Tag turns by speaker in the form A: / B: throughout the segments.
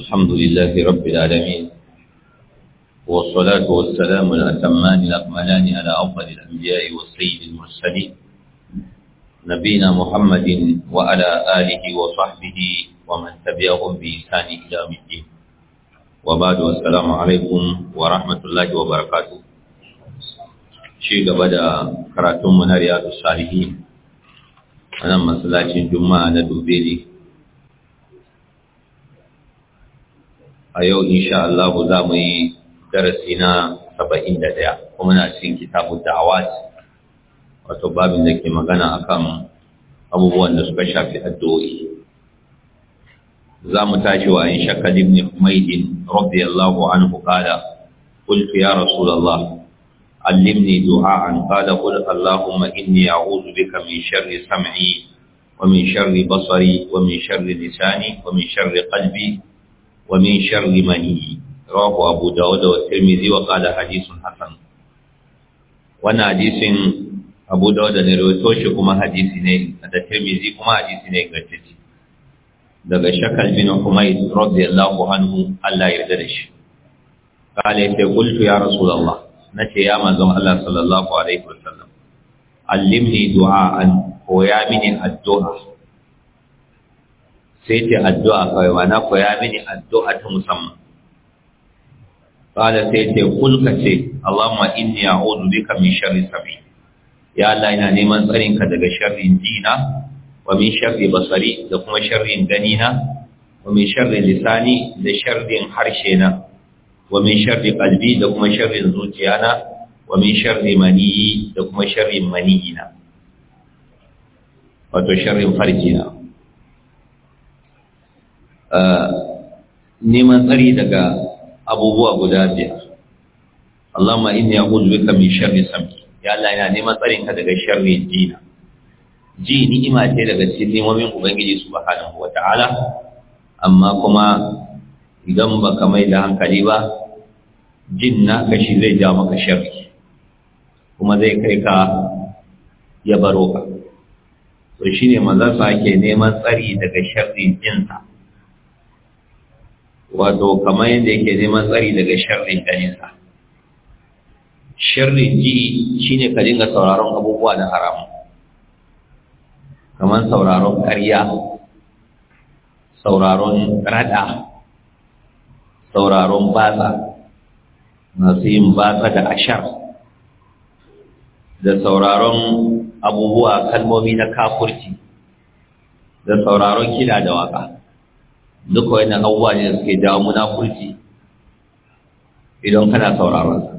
A: الحمد لله رب العالمين والصلاة والسلام الأتمان الأكملان على أفضل الأنبياء والسيد المرسلين نبينا محمد وعلى آله وصحبه ومن تبعهم بإحسان إلى يوم الدين وبعد السلام عليكم ورحمة الله وبركاته شيء بدأ كراتم من رياض الصالحين أنا مسلاتي جمعة ندوبيني a yau insha Allah za mu yi darasi na saba'in da ɗaya kuma na cikin kitabun da'awat wato babin da ke magana kan abubuwan da suka shafi addu'o'i za mu tashi wa in shakka dimni maidin rabbi Allah an buƙada kultu ya rasulallah allimni du'a qala qul allahumma inni a'udhu bika min sharri sam'i wa min sharri basari wa min sharri lisani wa min sharri qalbi ومن شر مني رواه أبو داود والترمذي وقال حديث حسن وانا حديث أبو داود نرويتوش كما حديث ني الترمذي كما حديث ني قتتي daga shakal bin Humayd radiyallahu anhu Allah ya yarda da shi kale sai qultu ya rasulullah nace ya manzon Allah sallallahu alaihi wasallam allimni du'a'an ko koya mini addu'a sai ce addu'a kawai mana koya mini addu'a ta musamman Kada sai ce kulka ce allahumma inni a'udhu bika min sharri sami ya Allah ina neman tsarinka daga sharrin dina, wa min sharri basari da kuma sharrin ganina wa min sharri lisani da sharrin na, wa min sharri qalbi da kuma sharrin na, wa min sharri maniyi da kuma sharrin na, wato sharrin farjina neman tsari daga abubuwa guda biyar Allahumma inni a'udhu bika min sharri sam'i ya Allah neman tsarin ka daga sharri jina ji ni'ima ce daga cikin nemomin ubangiji subhanahu wata'ala amma kuma idan baka mai da hankali ba jin na shi zai ja maka sharri kuma zai kai ka ya baro ka to shine manzon sa ake neman tsari daga sharri jinsa wato kamar yadda yake neman tsari daga sharrin ganinsa sharrin ji shine ka dinga sauraron abubuwa da haram kamar sauraron ƙarya sauraron rada sauraron batsa masu yin batsa da ashar da sauraron abubuwa kalmomi na kafurci da sauraron kida da waka duka wannan abubuwa ne da suke jawo munafurci idan kana sauraron su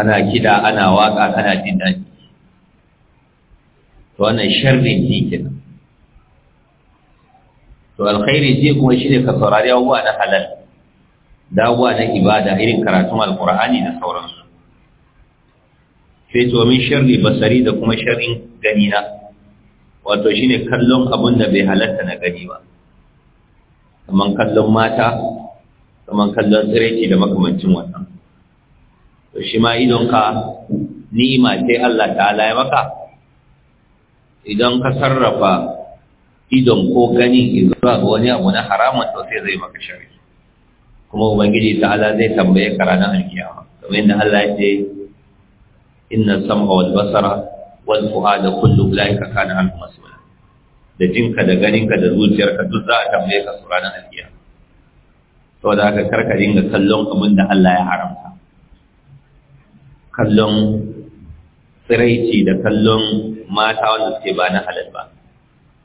A: ana kida ana waka kana jin daɗi to wannan sharrin ji kenan to alkhairi ji kuma ne ka saurari abubuwa na halal da abubuwa na ibada irin karatun alkur'ani da sauransu sai to min sharri basari da kuma sharrin ganina wato shine kallon abin da bai halatta na gani ba kamar kallon mata kamar kallon tsiraici da makamancin wannan to shi ma idonka ni'ima sai Allah ta'ala ya maka idan ka sarrafa idon ko gani zuwa ga wani abu na haramun to sai zai maka shari kuma ubangiji ta'ala zai tambaye ka ranar alkiyama kamar yadda Allah ya ce inna sam'a wal basara wal fu'ada kullu ulaika kana anhu mas'ul da jinka da ganinka da zuciyarka duk za a tambaye ka su ranar alkiya saboda haka karka dinga kallon abin da Allah ya haramta kallon tsiraici da kallon mata wanda suke ba na halal ba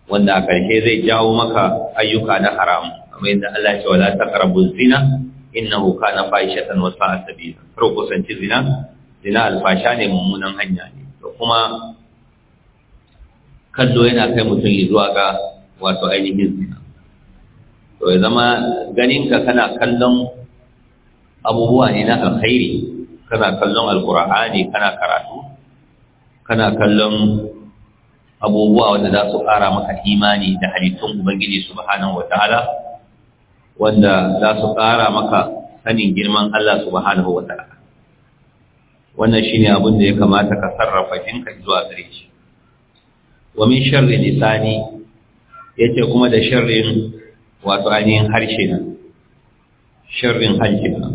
A: wanda a ƙarshe zai jawo maka ayyuka na haram kamar yadda Allah ya ce wala taqrabu zina innahu kana fahishatan wa sa'a sabila kar ku kusanci zina zina alfasha ne mummunan hanya ne to kuma kallo yana kai mutum zuwa ga wato ainihin zina to ya zama ganinka kana kallon abubuwa ne na alkhairi kana kallon alkur'ani kana karatu kana kallon abubuwa wanda za su ƙara maka imani da halittun ubangiji subhanahu ta'ala wanda za su ƙara maka sanin girman Allah subhanahu ta'ala wannan shine abin da ya kamata ka sarrafa jinka zuwa gare shi wa min sharri lisani yace kuma da sharrin wato ainihin harshe na sharrin harshe na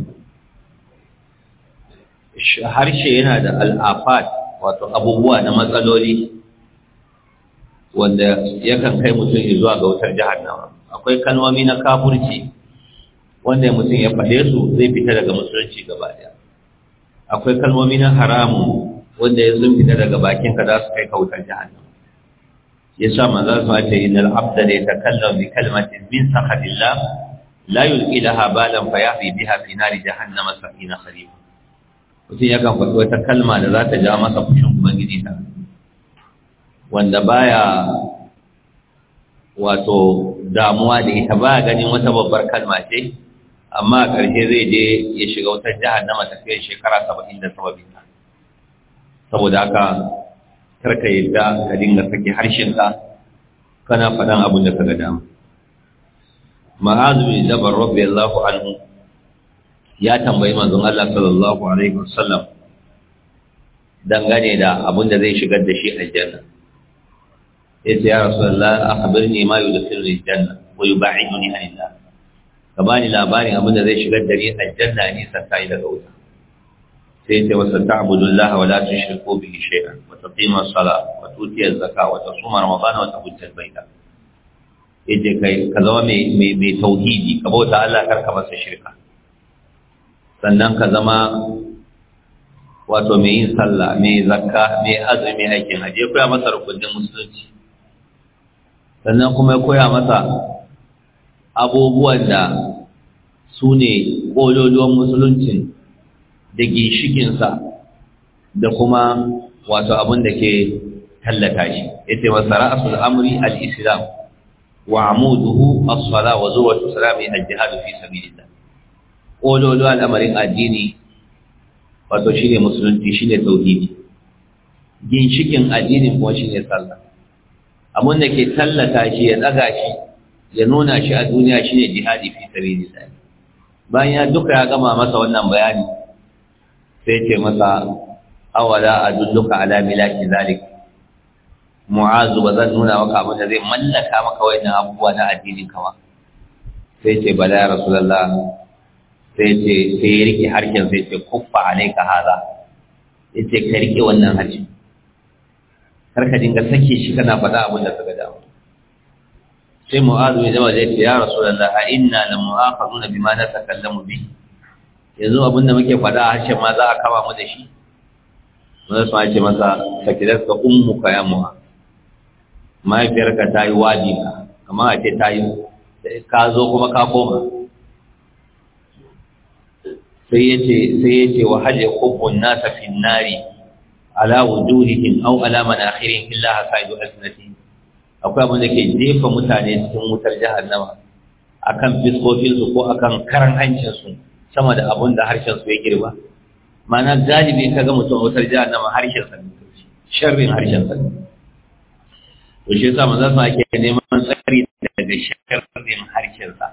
A: harshe yana da al'afat wato abubuwa na matsaloli wanda yakan kai mutum zuwa ga wutar jahannama akwai kalmomi na kafurci wanda mutum ya faɗe su zai fita daga musulunci gaba ɗaya akwai kalmomi na haramu wanda ya sun fita daga bakinka za su kai ka wutar jahannama yasa manzo sa ce innal abda la yatakallam bi kalmatin min sakhatillah la yulqi laha balan fayahri biha fi nari jahannama sakina kharib mutum ya kan faɗi wata kalma da za ta ja masa fushin ubangiji ta wanda baya wato damuwa da ita baya ganin wata babbar kalma ce amma a ƙarshe zai je ya shiga wutar jahannama tafiyar shekara saba'in da saba'in saboda haka Karka yadda ka dinga sake harshenka kana faɗan abin da ka ga dama ma'azu bin rabbi allahu anhu ya tambayi manzon Allah sallallahu alaihi wasallam dangane da abin da zai shigar da shi aljanna yace ya rasulullah akhbirni ma yudkhiluni aljanna wa yub'iduni anillah ka bani labarin abin da zai shigar da ni aljanna ni sai daga wuta sai ce wasu laha wa la tushriku bihi shay'an wata tsima sala salah wa tuti az-zakah wa tasuma ramadana wa tahujja al ya ce kai ka zama mai tauhidi ka bauta Allah kar ka masa shirka sannan ka zama wato mai yin sallah mai zakka mai azumi aikin haje koya masa rukunin musulunci sannan kuma ya koya masa abubuwan da su ne ƙololuwan musuluncin da ginshikinsa da kuma wato abin da ke tallata shi yace wa sara'asul amri al-islam wa amuduhu as-sala wa zuwatu salami al-jihad fi sabilillah kololo al'amarin addini wato shine musulunci shine tauhidi ginshikin addinin kuma shine sallah abin da ke tallata shi ya daga shi ya nuna shi a duniya shine jihadi fi sabilillah bayan ya duka ya gama masa wannan bayani sai ce masa awala adulluka ala milaki zalik mu'azu ba zan nuna maka abin da zai mallaka maka na abubuwa na addinin ka ba sai ce bala ya lalla. sai ce sai ya rike harkin sai ce kuffa alaika haza ce ka rike wannan harshe kar ka dinga sake shi kana faɗa abin da ka ga dama sai mu'azu ya zama zai ce ya lalla, a inna la mu'akhaduna bima mu bihi yanzu abinda muke faɗa a harshen ma za a kama mu da shi wanda su ce masa sakirar ka ummu ka ya muha mahaifiyarka ta yi wadi ka kamar a ce ta yi ka zo kuma ka koma sai ya ce wa hajji kubbun nasa fi nari ala wujuhihim aw ala manakhirihim illa hasaidu alsinatihim akwai abin da ke jefa mutane cikin wutar jahannama akan fiskofinsu ko akan karan hancinsu sama da abun da harshen su ya girba mana galibi kaga mutum wutar jahannama harshen sa sharrin harshen sa to shi yasa manzo sa ake neman tsari daga sharrin harshen sa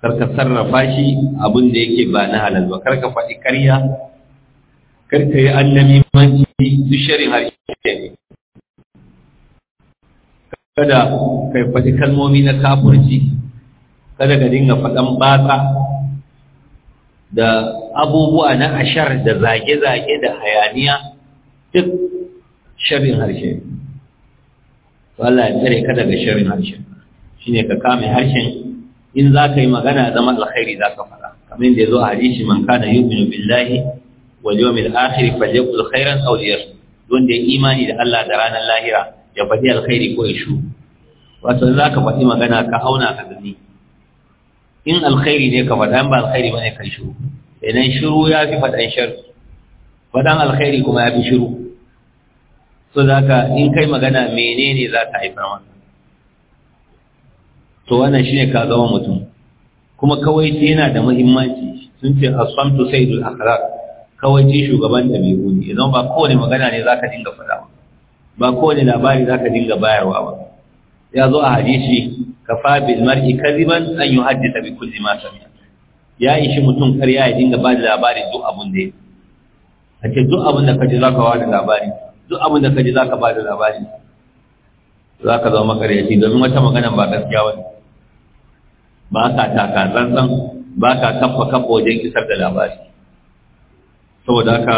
A: karka sarrafa shi abun da yake ba na halal ba karka faɗi ƙarya karka yi annabi manci duk sharrin harshen ne kada ka faɗi kalmomi na kafurci kada ka dinga faɗan batsa da abubuwa na ashar da zage-zage da hayaniya duk sharrin harshe Allah ya tsare ka daga sharrin harshe shine ka kame harshen in za ka yi magana zama alkhairi za ka faɗa kamar da ya zo a hadisi man kana yuminu billahi wal yawmil akhir yaqul khairan aw liyasmut wanda ya imani da Allah da ranar lahira ya faɗi alkhairi ko ya shu wato za ka faɗi magana ka auna ka gani in alkhairi ne ka faɗa in ba alkhairi ba ne kan shiru idan shiru ya fi faɗan sharu, faɗan alkhairi kuma ya fi shiru so za ka in kai magana menene za ta haifar masa to wannan ne ka zama mutum kuma kawai yana da muhimmanci sun ce sai sayyidul akhlaq kawai ce shugaban da mai ne idan ba kowane magana ne za ka dinga faɗa ba kowane labari za ka dinga bayarwa ba ya zo a hadisi fa bil mar'i kadiban an yuhaddisa bi kulli ma sami'a ya ishi mutum karya ya dinga ba da labari duk abun da ya ake duk abun da ka ji za ka ba da labari duk abun da ka ji za ba da labari za ka zama makaryaci domin wata magana ba gaskiya wani ba ka taka tsantsan ba ka kafa kafa wajen isar da labari saboda haka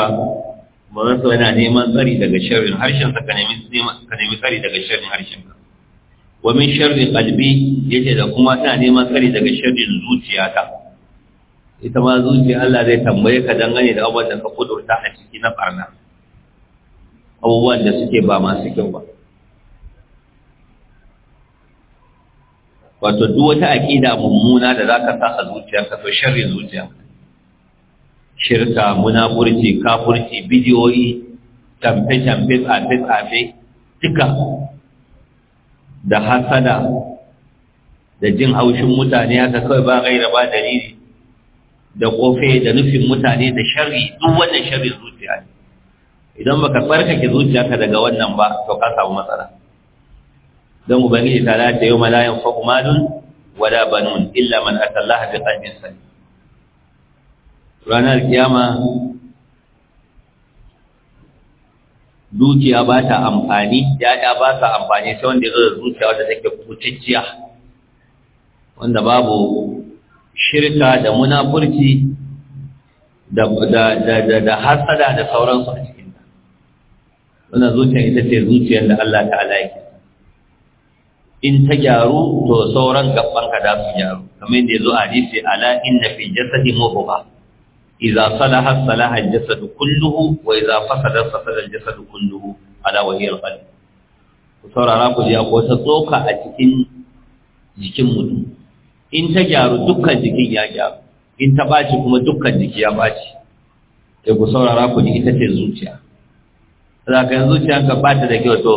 A: manzo yana neman tsari daga sharrin harshen sa ka nemi tsari daga sharrin harshen ka wa min sharri qalbi yace da kuma ina neman tsari daga sharrin zuciyata ita ma zuciya Allah zai tambaye ka dangane da abubuwan da ka kudurta a ciki na barna abubuwan da suke ba masu kyau ba wato duk wata aƙida mummuna da zaka sa a ka to sharrin zuciya shirka munafurci kafurci bidiyoyi tamfe-tamfe tsafe-tsafe duka da hasada da jin haushin mutane haka kawai ba gaira ba dalili da kofe da nufin mutane da sharri duk wannan sharri zuciya ne idan baka zuciya ka daga wannan ba to ka samu matsala don ubangiji ta lati yau malayan fa wala banun illa man atallaha bi qalbin salim ranar kiyama dukiya ba ta amfani ya'ya ba sa amfani sai wanda ya zo da zuciya wadda take kuciciya. wanda babu shirka da munafurci da hasada da sauransu a cikin ta wannan zuciya ita ce zuciyar da Allah ta'ala yake in ta gyaru to sauran gaban ka da su gyaru kamar yadda ya zo a hadisi ala inna fi jasadi ba. idza صلح صلح الجسد كله kulluhu wa فسد الجسد كله al وهي القلب ala wahiya al-qalb ku saurara tsoka a cikin jikin mutum in ta gyaru dukkan jikin ya gyaru in ta baci kuma dukkan jiki ya baci sai ku saurara ku ji ita ce zuciya za ka yanzu zuciyanka ba da kyau to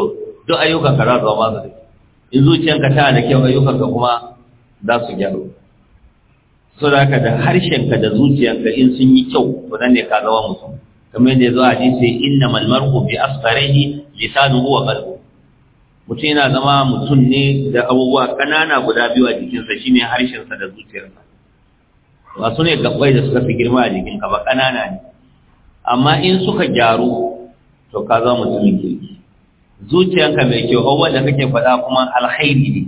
A: duk ayyukan ka in zuciyanka da kyau ayyukan ka kuma za su gyaru saboda da harshenka da zuciyanka in sun yi kyau to nan ne ka zama mutum kamar yadda ya zo a hadisi innamal mar'u bi asfarihi lisanuhu wa qalbu mutum yana zama mutum ne da abubuwa kanana guda biyu a jikinsa shine harshensa da zuciyarsa ba su ne gabbai da suka fi girma a jikinka ba ƙanana ne amma in suka gyaru to ka zama mutumin kirki zuciyanka mai kyau abubuwan da kake faɗa kuma alkhairi ne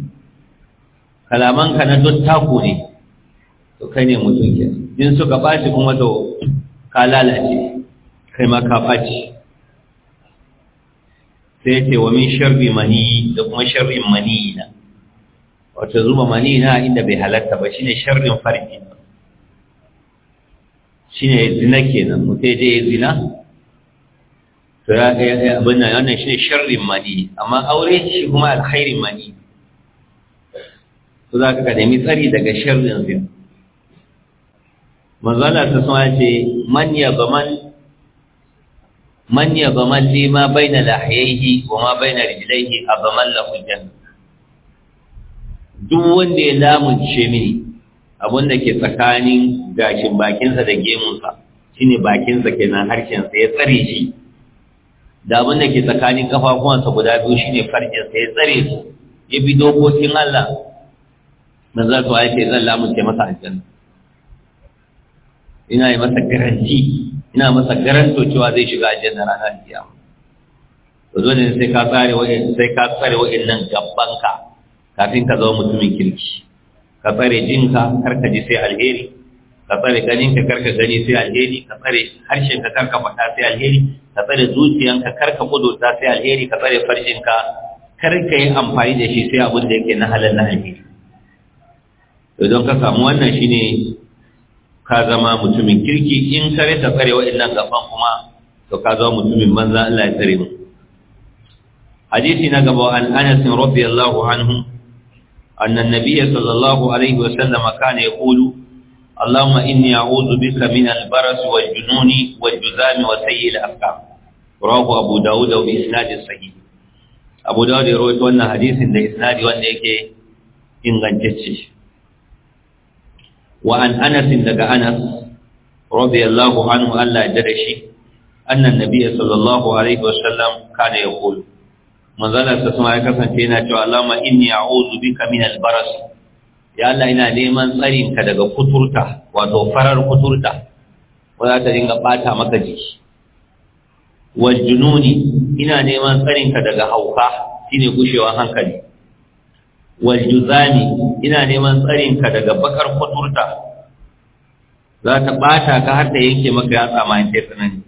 A: kalamanka na dottako ne to kai ne mutum ke in suka ɓaci kuma to ka lalace kai ma ka ɓaci sai ce wa min sharri mani da kuma sharrin mani na wato zuba mani na inda bai halatta ba shine sharrin farji shine zina kenan mutai dai zina to ya ga abin nan wannan shine sharrin mani amma aure shi kuma alkhairin mani to za ka nemi tsari daga sharrin zina manzala ta sama ce man ya ba man ya li ma baina lahayhi wa ma baina rijlaihi a gaman lahu duk wanda ya lamunce mini abin da ke tsakanin gashin bakinsa da gemunsa shine bakinsa kenan harshensa ya tsare shi da abin da ke tsakanin kafafuwansa guda biyu shine farkensa ya tsare su ya bi dokokin Allah manzala ta ce zan lamunce masa aljanna ina yi masa garanti ina masa garanto cewa zai shiga da ranar kiyama ba dole ne sai ka tsare wa'in sai ka nan gabbanka kafin ka zama mutumin kirki ka tsare jinka kar ka ji sai alheri ka tsare ganinka kar ka gani sai alheri ka tsare harshen kar ka faɗa sai alheri ka tsare zuciyanka kar ka kudurta sai alheri ka tsare farjinka kar ka yi amfani da shi sai abin da yake na halin na alheri don ka samu wannan shine ka zama mutumin kirki in kare ta tsare wa'annan gaban kuma to ka zama mutumin manza Allah ya tsare mu hadisi na gaba an Anas radiyallahu anhu anna an-nabiy sallallahu alaihi wa sallam kana yaqulu Allahumma inni a'udhu bika min al-baras wal-jununi wal-juzami wa sayyi al-afkam rawahu Abu Dawud bi isnad sahih Abu Dawud ya rawaito wannan hadisin da isnadi wanda yake ingantacce wa an anas daga anas radiyallahu anhu Allah ya da shi annan nabiyyi sallallahu alaihi wasallam kana yaqulu manzala ta sama ya kasance yana cewa Allahumma inni a'udhu bika min al-baras ya Allah ina neman tsarin ka daga kuturta wato farar kuturta wanda ta dinga bata maka jiki wal jununi ina neman tsarin ka daga hauka shine gushewa hankali wal ina neman tsarin ka daga bakar kwaturta za ta bata ka har da yanke maka ya tsama in sai tsanani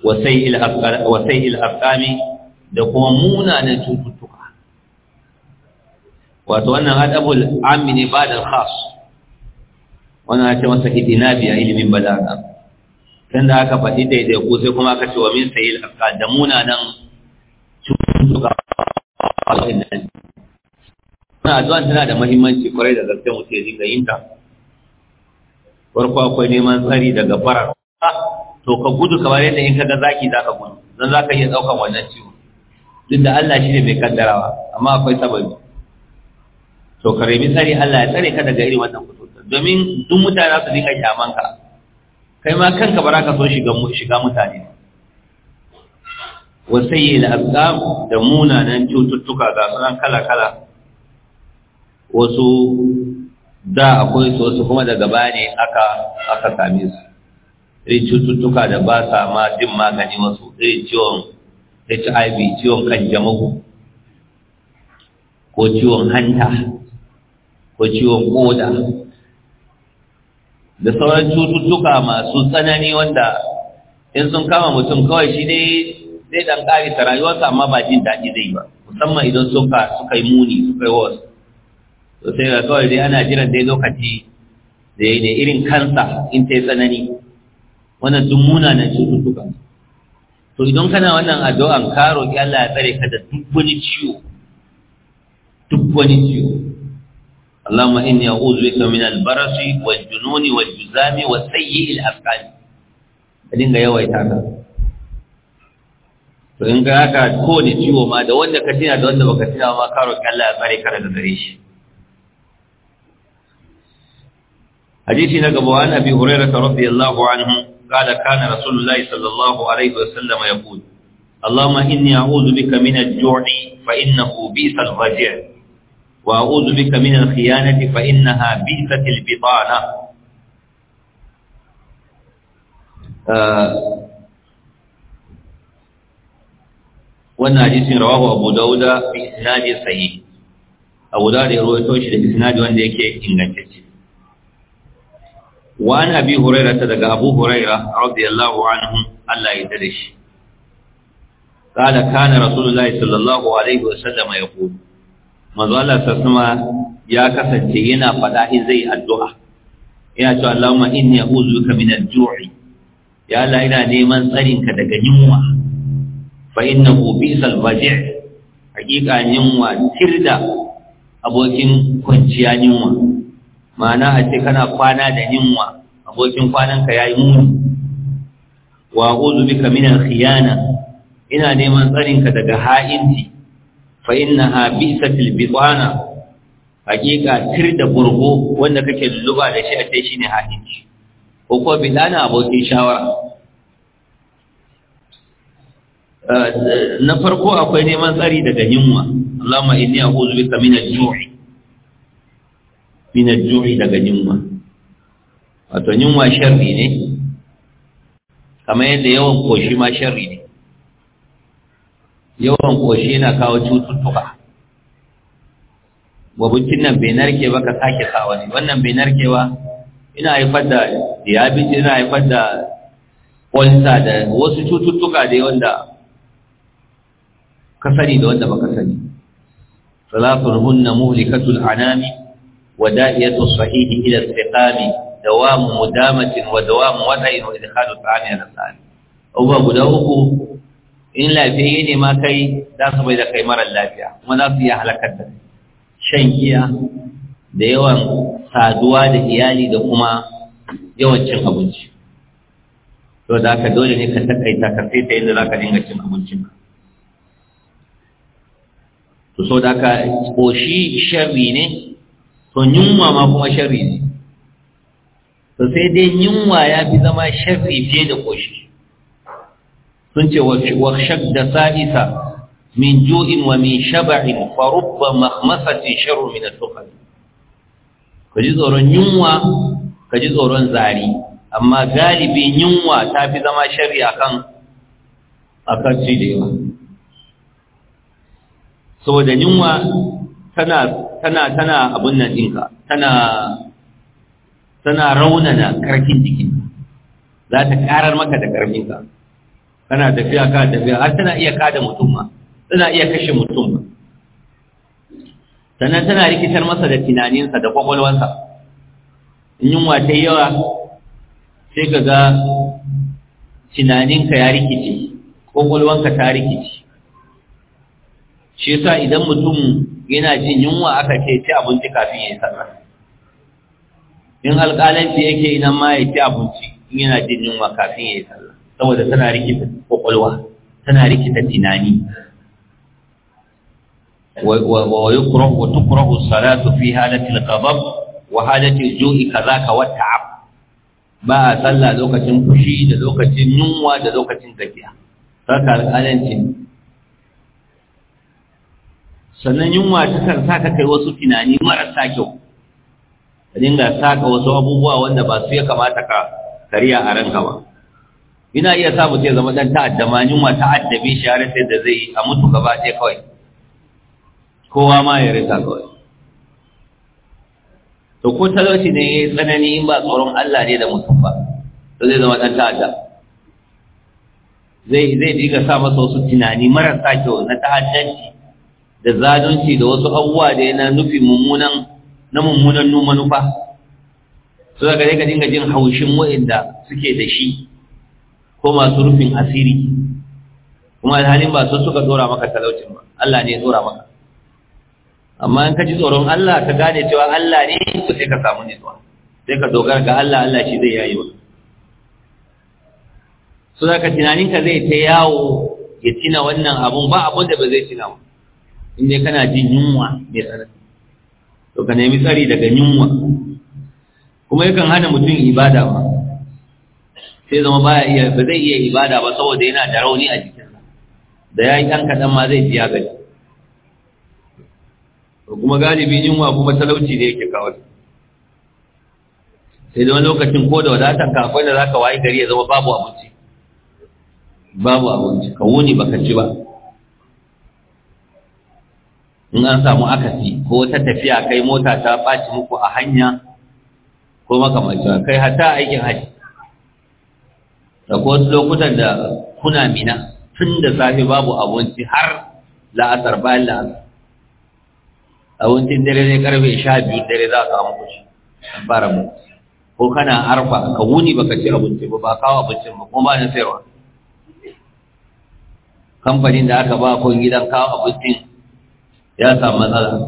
A: wa sai il afkami da kuma muna na cututtuka wato wannan adabul ammi ne ba da khas wannan ake masa hidina biya ilimin balaga tun da aka faɗi daidai ku sai kuma aka ce wa min il afka da munanan cututtuka a wajen na addu'a tana da muhimmanci kwarai da gaske mutum ya dinga yin ta farko akwai neman tsari daga farar to ka gudu kamar yadda in kaga zaki za ka gudu don za ka iya ɗaukan wannan ciwo duk da Allah shi ne mai kaddarawa amma akwai sababi to ka rebi tsari Allah ya tsare ka daga irin wannan kusurta domin duk mutane za su dinga kyaman ka kai ma kanka ba za ka so shiga mutane wasayyi da azkam da munanan cututtuka ga sunan kala-kala wasu da akwai su wasu kuma daga baya ne aka aka same su irin cututtuka da ba sa ma jin magani wasu irin ciwon HIV ciwon kanjamau ko ciwon hanta ko ciwon koda da sauran cututtuka masu tsanani wanda in sun kama mutum kawai shi ne zai dan karisa rayuwarsa amma ba jin daɗi zai ba musamman idan suka suka yi muni suka yi wasu to sai ga kawai dai ana jiran dai lokaci da ya ne irin kansa in ta yi tsanani wannan duk munanan cututtuka to idan kana wannan addu'an ka roƙi Allah ya tsare ka da duk wani ciwo duk wani ciwo Allahumma inni a'udhu bika min al-barasi wal jununi wal juzami wa sayyi al afqani ka dinga yawaita ka to in ga haka ne ciwo ma da wanda ka tina da wanda baka tina ma ka roƙi Allah ya tsare ka daga gare shi
B: hadisi na gaba an abi hurairah radiyallahu
A: anhu قال كان رسول الله صلى الله عليه وسلم يقول اللهم إني أعوذ بك من الجوع فإنه بئس الرجع وأعوذ بك من الخيانة فإنها بئسة البطانة آه wannan hadisin rawahu abu dauda bi isnadi sahih abu dauda ya rawaito da isnadi wanda yake ingantacce wa an abi huraira ta daga abu huraira radiyallahu anhu Allah ya dade shi qala kana rasulullahi sallallahu alaihi wa wasallam yaqul manzo Allah sassama ya kasance yana fada in zai addu'a yana ce Allahumma inni a'udhu bika min al-ju'i ya Allah ina neman tsarinka daga yunwa fa innahu bisal waji' hakika yunwa tirda abokin kwanciya yunwa ma'ana a ce kana kwana da yunwa abokin kwananka ya yi muni wa uzu bika minal khiyana ina neman tsarinka daga ha'inci fa innaha bisatil bitana hakika tir da burgo wanda kake lulluba da shi a ce shine ha'inci ko ko dana abokin shawara eh, na farko akwai neman tsari daga yunwa Allahumma inni a'udhu bika al ju'i min al-ju'i daga yunwa wato yunwa sharri ne kamar yadda yawan koshi ma sharri ne yawan koshi yana kawo cututtuka wabincin nan bai narke ba ka sake kawo ne wannan bai narkewa ina haifar da diabetes ina haifar da ulcer da wasu cututtuka da wanda ka sani da wanda baka sani salatul hunna muhlikatul anami ودائية الصحيح إلى استقام دوام مدامة ودوام وضع وإدخال الطعام إلى الطعام أبا قدوه in lafiyayye ne ma kai za su bai da kai mara lafiya kuma za su iya halakar da shan giya da yawan saduwa da iyali da kuma yawancin abinci to da ka dole ne ka takaita ka sai ta yadda za ka dinga cin abincin ka to so da ka koshi sharri ne to yunwa ma kuma sharri ne to sai dai yunwa ya fi zama sharri fiye da koshi sun ce wa shadda sa'isa min ju'in wa min shaba'in fa rubba mahmasatin sharru min at-tuqal ka ji tsoron yunwa ka tsoron zari amma galibin yunwa ta fi zama sharri akan akan ci da yawa saboda yunwa tana tana tana abun nan ɗinka tana tana raunana ƙarfin jikinka za ta karar maka da ƙarfinka Tana tafiya ka tafiya har tana iya kada mutum ma tana iya kashe mutum ma sannan tana rikitar masa da tunaninsa da kwakwalwansa in yunwa ta yawa sai ka ga tunaninka ya rikice kwakwalwanka ta rikice shi yasa idan mutum yana jin yunwa aka ce ci abinci kafin ya yi sallah in alƙalanci yake idan ma ya ci abinci in yana jin yunwa kafin ya yi sallah saboda tana rikita kwakwalwa tana rikita tunani Wa wa wa ويكره وتكره الصلاة في حالة الغضب وحالة الجوع wa ta'ab ba a sallah lokacin fushi da lokacin yunwa da lokacin tafiya saka alƙalancin sannan yunwa takan sa ka kai wasu tunani marasa kyau ka dinga sa ka wasu abubuwa wanda ba su ya kamata ka kariya a ranka ba ina iya sa mutum ya zama dan ta'adda ma yunwa ta addabi shi har sai da zai yi a mutu gaba ɗaya kawai kowa ma ya rika kawai to ko talauci ne ya tsanani in ba tsoron Allah ne da mutum ba to zai zama dan ta'adda zai zai dinga sa masa wasu tunani marasa kyau na ta'addanci da zalunci da wasu abubuwa da yana nufi mummunan na mummunan numa nufa. su da gare ka dinga jin haushin wa'inda suke da shi ko masu rufin asiri kuma alhalin ba su suka tsora maka talaucin ba Allah ne ya dora maka amma in ka ji tsoron Allah ka gane cewa Allah ne to sai ka samu nutsuwa sai ka dogara ga Allah Allah shi zai yayi wani su ka tunaninka zai ta yawo ya tina wannan abun ba abun da ba zai tina wani in dai kana jin yunwa mai tsanani to ka nemi tsari daga yunwa kuma yakan hana mutum ibada ba sai zama baya iya ba zai iya ibada ba saboda yana da rauni a jikinsa da ya yi ɗan kaɗan ma zai biya gari kuma galibi yunwa kuma talauci ne yake kawo sai zama lokacin ko da wadatan ka akwai da za ka wayi gari ya zama babu abinci babu abinci ka wuni baka ci ba in an samu akasi ko wata tafiya kai mota ta ɓaci muku a hanya ko makamacin kai hata aikin haji da ko wasu lokutan da kuna mina tun da safe babu abinci har la'asar bayan la'asar abincin dare ne karfe sha biyu dare za a samu kuci fara mu ko kana arfa ka wuni baka ci abinci ba ba kawo abincin ba kuma ba na sayarwa kamfanin da aka ba kun gidan kawo abincin ya samu matsala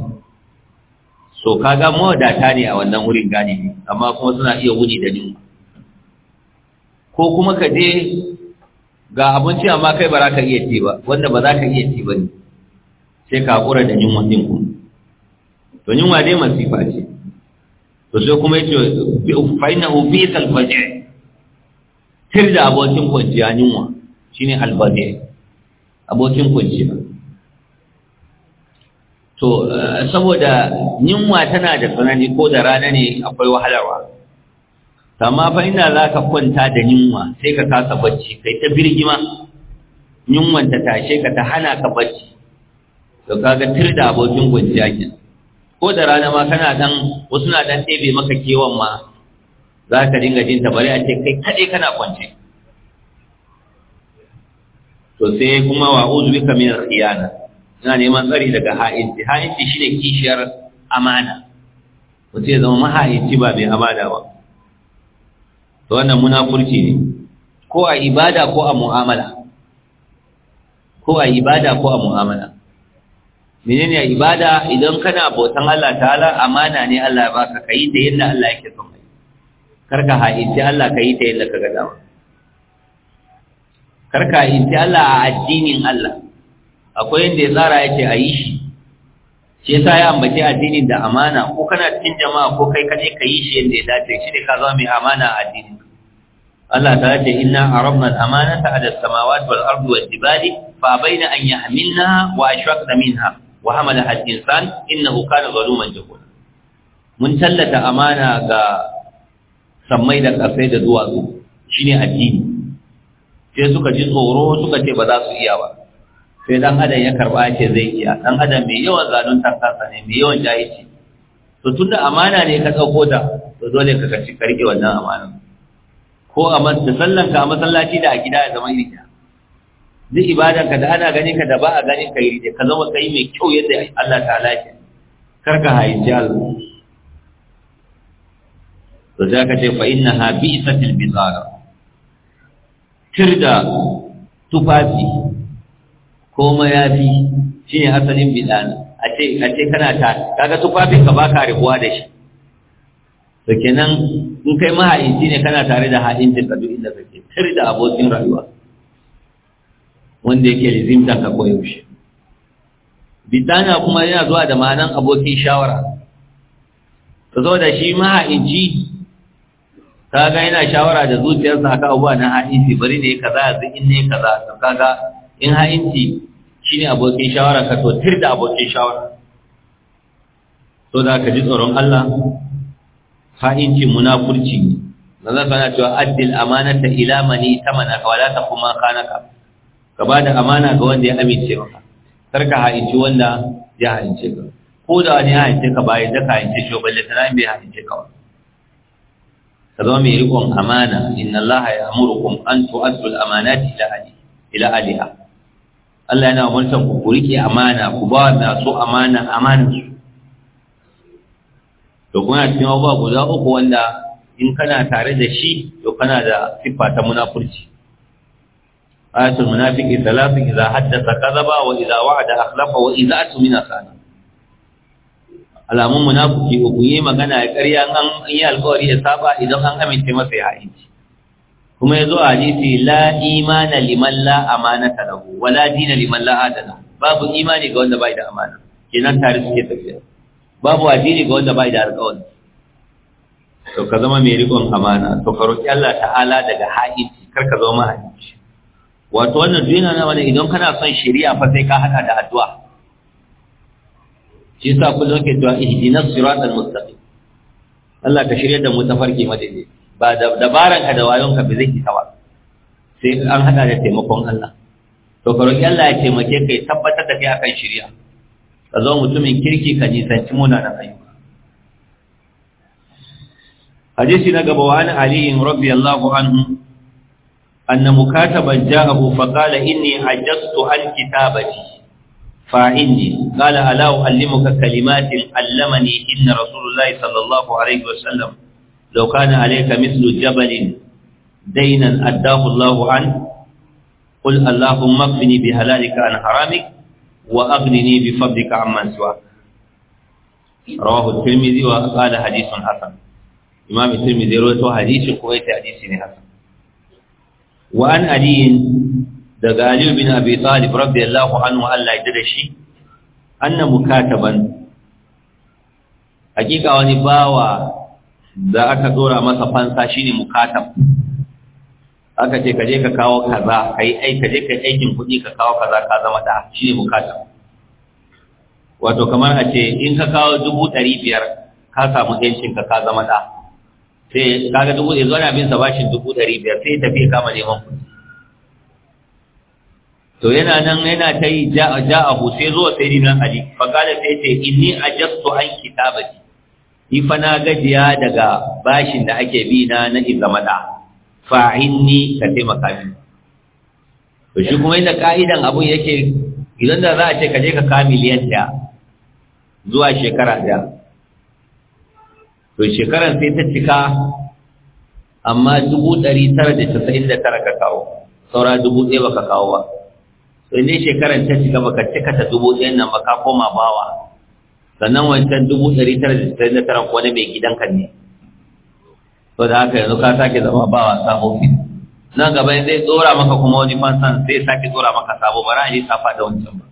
A: so kaga mawadata ne a wannan wurin gane amma kuma suna iya wuni da ni ko kuma ka je ga abinci amma kai ba za ka iya ci ba wanda ba za ka iya ci ba ne sai ka haƙura da yunwa ɗin ku to yunwa dai masifa ce to sai kuma ya ce fa'ina hufi salfaje tir da abokin kwanciya yunwa shine albaje abokin kwanciya to eh, saboda yunwa tana da tsanani ko da rana ne akwai wahalarwa amma fa ina za ka kwanta da yunwa sai ka kasa bacci kai ta birgima yunwan ta tashe ka ta hana ka bacci to kaga tir da abokin kwanciya ke ko da rana ma kana dan wasu na dan ɗebe maka kewan ma za ka dinga jin ta bari a ce kai kaɗai kana kwance to sai kuma wa uzu bika min khiyana yana neman tsari daga ha'inci ha'inci shine kishiyar amana mutum ya zama maha'inci ba mai amana ba to wannan munafurci ne ko a ibada ko a mu'amala ko a ibada ko a mu'amala menene a ibada idan kana bautan Allah ta'ala amana ne Allah ya baka kai da yadda Allah yake son kai karka ha'inci Allah kai ta yadda ka ga dama karka ha'inci Allah a addinin Allah akwai inda ya tsara yake a yi shi shi yasa ya ambaci addinin da amana ko kana cikin jama'a ko kai kaje ka yi shi yadda ya dace shi ne ka zama mai amana a addinin Allah ta ce inna arabna al-amanata ala as-samawati wal ardi wal jibali fa bayna an yahmilnaha wa ashraqna minha wa hamala al-insan innahu kana zaluman jahula mun tallata amana ga sammai da kafai da duwatsu shine addini sai suka ji tsoro suka ce ba za su iya ba sai dan adam ya karba ce zai iya dan adam mai yawan zanun kansa ne mai yawan ce. to tunda amana ne ka dauko ta to dole ka kaci karke wannan amana ko a da sallan ka a masallaci da a gida ya zama iri ɗaya. duk ibadan ka da ana gani ka da ba a gani ka yi ka zama kai mai kyau yadda Allah ta'ala ya kar ka haifi Allah to za ka ce fa inna ha bi'satil bizara tirda tufafi ko mayafi shine asalin bidana a ce a ce kana ta kaga tufafin ka baka rabuwa da shi to kenan in kai mahaici ne kana tare da ha'incin ka duk inda kake tare da abokin rayuwa wanda yake lizimta ka koyaushe bidana kuma yana zuwa da ma'anan abokin shawara ka zo da shi mahaici kaga yana shawara da zuciyarsa akan abubuwa na ha'inci bari ne kaza yanzu in ne kaza kaga in ha'inci ne abokin shawara ka to da abokin shawara so za ka ji tsoron Allah ha'inci munafurci ne zan sana cewa addil amanata ila mani tamana ka wala ta kuma kanaka ka ba da amana ga wanda ya amince maka kar ka haici wanda ya ha'ince ka ko da wani ya ha'ince ka bayan da ka ha'ince shi balle tana bai ha'ince ka ka zama mai rikon amana inna Allah ya amurukum an tu'addu al amanati ila ahliha Allah yana umartan ku ku amana ku ba wa so amana amanan su to kuna cikin abubuwa guda uku wanda in kana tare da shi to kana da siffa ta munafurci ayatul munafiqi thalathun idza haddatha kadhaba wa idza wa'ada akhlafa wa idza atmina sana alamun munafiki ubuye yi magana ya ƙarya an yi alƙawari ya saba idan an amince masa ya ha'inci kuma ya zo a hadisi la imana liman la amanata lahu wa la dina liman la adala babu imani ga wanda bai da amana kenan tare suke tafiya babu addini ga wanda bai da alƙawar to ka zama mai riƙon amana to ka roƙi Allah ta'ala daga haƙiƙi kar ka zama ha'inci wato wannan duniya na wani idan kana son shari'a fa sai ka hada da addu'a shi yasa kullum ke da ihdinas siratal mustaqim Allah ka shirya da mu tafarki madaidai ba da dabaranka da wayonka ba zai yi ba sai an hada da taimakon Allah to ka Allah ya taimake ka tabbatar da kai akan shirya. ka zo mutumin kirki ka nisanci muna da ayyuka hadisi na gaba wa an ali in radiyallahu anhu an mukataba ja'ahu fa qala inni hajjastu al kitabati fa inni qala ala u'allimuka kalimatin allamani inna rasulullahi sallallahu alaihi لو كان عليك مثل جبل دينا أداه الله عنه قل اللهم اكفني بهلالك عن حرامك وأغنني بفضلك عمن سواك رواه الترمذي وقال حديث حسن إمام الترمذي رويته حديث كويت حديث حسن وأن علي دقى علي بن أبي طالب رضي الله عنه ألا يدرشي أن مكاتبا حقيقة ونباوة da aka tsora masa fansa shine mukatab aka ce ka je ka kawo kaza kai ai ka je kai aikin kuɗi ka kawo kaza ka zama da shine mukatab wato kamar a ce in ka kawo dubu ɗari biyar ka samu ɗancin ka ka zama da sai kaga dubu ɗari zuwa abin sa bashin dubu ɗari biyar sai tafi kama neman kuɗi to yana nan yana ta yi ja'ahu sai zuwa sai dinan ali fa kada sai ce inni ajabtu an kitabati ni fa na gajiya daga bashin da ake bi na na in zama da fa'inni ka taimaka min to shi kuma yadda ka'idan abun yake idan da za a ce ka je ka kawo miliyan ɗaya zuwa shekara ɗaya to shekaran sai ta cika amma dubu ɗari tara da casa'in da tara ka kawo saura dubu ɗaya ba ka kawo ba to ne shekaran ta cika baka cika ta dubu ɗayan nan ba ka koma bawa sannan wancan dubu ɗari tara da tara da tara wani mai gidan kan ne to da haka yanzu ka sake zama ba sabo ofis nan gaba zai tsora maka kuma wani fansan sai sake tsora maka sabo ba ra'ayi safa da wancan ba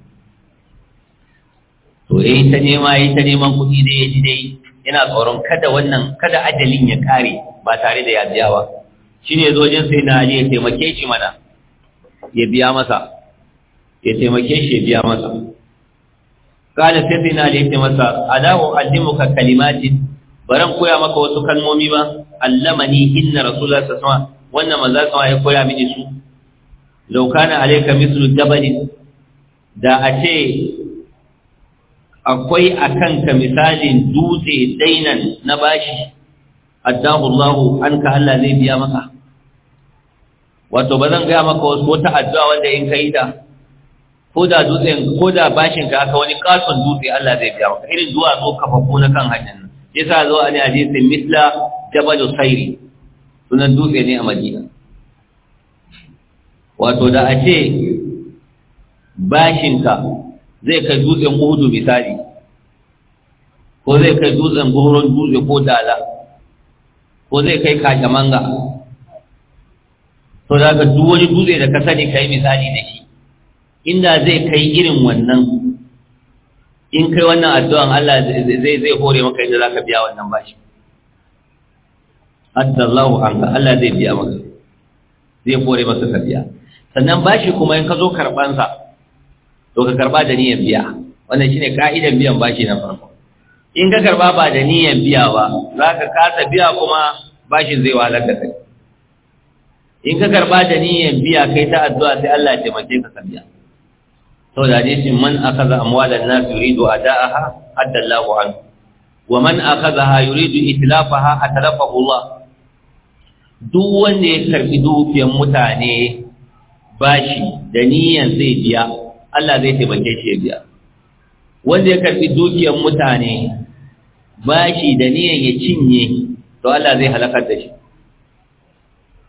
A: to yi ta nema yi ta neman kuɗi dai yaji dai yana tsoron kada wannan kada ajalin ya kare ba tare da ya biya ba ne zo jin sai na je ya taimake shi mana ya biya masa ya taimake shi ya biya masa kala sai sai na yace masa ala uallimuka kalimatin baran koya maka wasu kalmomi ba allamani inna rasulullah sallallahu alaihi wasallam wannan maza sallallahu ya koya mini su law kana alayka mislu jabalin da a ce akwai akan ka misalin dutse dainan na bashi addahu Allahu anka Allah zai biya maka wato bazan ga maka wasu wata addu'a wanda in kai da ko da dutsen ko da bashin ka aka wani kasan dutse Allah zai biya maka irin zuwa zo kafafu na kan hanyar nan yasa zo a ne hadisin misla jabal sairi sunan dutse ne a madina wato da a ce bashin ka, zai kai dutsen uhudu misali ko zai kai dutsen horon dutse ko dala ko zai kai kajamanga to da ka duk wani dutse da ka sani ka yi misali da shi inda zai kai irin wannan in kai wannan addu'an Allah zai zai hore maka inda zaka biya wannan bashi addallahu anka Allah zai biya maka zai hore maka ka biya sannan bashi kuma in ka zo karban sa to ka karba da niyan biya wannan shine ka'idan biyan bashi na farko in ka karba ba da niyan biya ba zaka kasa biya kuma bashin zai wahalar da kai in ka karba da niyan biya kai ta addu'a sai Allah ya taimake ka ka biya saboda hadisin man aka za amwalan nas yuridu ada'aha adda haddar anhu wa man akazaha yuridu itlafaha atlafahu Allah duk wanda ya karbi dukiyar mutane bashi da niyan zai biya Allah zai taimake shi ya biya wanda ya karbi dukiyar mutane bashi da niyan ya cinye to Allah zai halakar da shi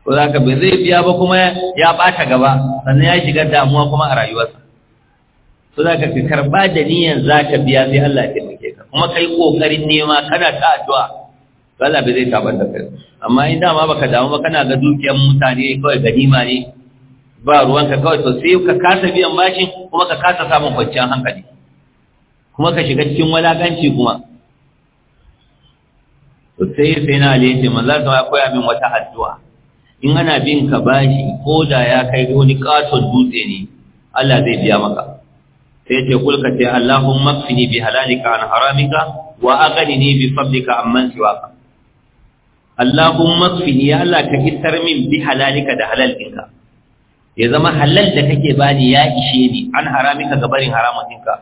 A: ko zaka bai zai biya ba kuma ya bata gaba sannan ya shiga damuwa kuma a rayuwarsa to za ka fi karɓa da niyan za ka biya sai Allah ya taimake ka kuma kai ƙoƙarin nema kana ta addu'a to Allah bai zai tabar da kai amma in dama baka damu ba kana ga dukiyar mutane kawai ganima ne ba ruwanka kawai to sai ka kasa biyan bashin kuma ka kasa samun kwanciyar hankali kuma ka shiga cikin walakanci kuma to sai sai na aliyu ce manzo ya koya min wata addu'a in ana bin ka bashi ko da ya kai wani ƙaton dutse ne Allah zai biya maka sai ce kulka ce Allahumma kfini bi halalika an haramika wa aghnini bi fadlika amman siwaka Allahumma kfini ya Allah ka isar min bi halalika da halal ɗinka ya zama halal da kake bani ya ishe ni an haramika ga barin haramun ɗinka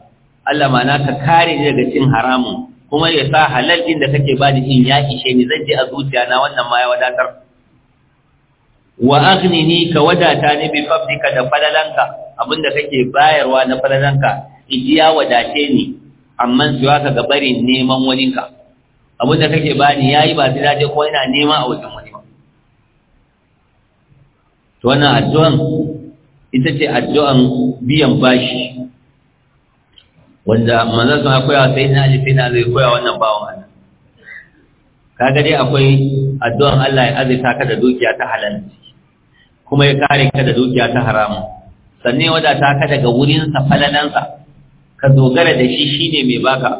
A: Allah ma na ka kare ni daga cin haramun kuma ya sa halal ɗin da kake bani in ya ishe ni zan je a zuciya na wannan ma ya wadatar wa aghnini ka wadata ni bi fadlika da falalanka abinda kake bayarwa na falalanka ijiya wadace ni amma zuwa ka ga barin neman waninka abinda kake bani yayi ba sai dace ko ina nema a wajen wani ba to wannan addu'an ita ce addu'an biyan bashi wanda manzon sun akwai sai na alifi na zai koya wannan bawon Allah kaga dai akwai addu'an Allah ya azita ka da dukiya ta halalci kuma ya kare ka da dukiya ta haramun sannan wadata ka daga wurinsa falalansa ka dogara da shi shine mai baka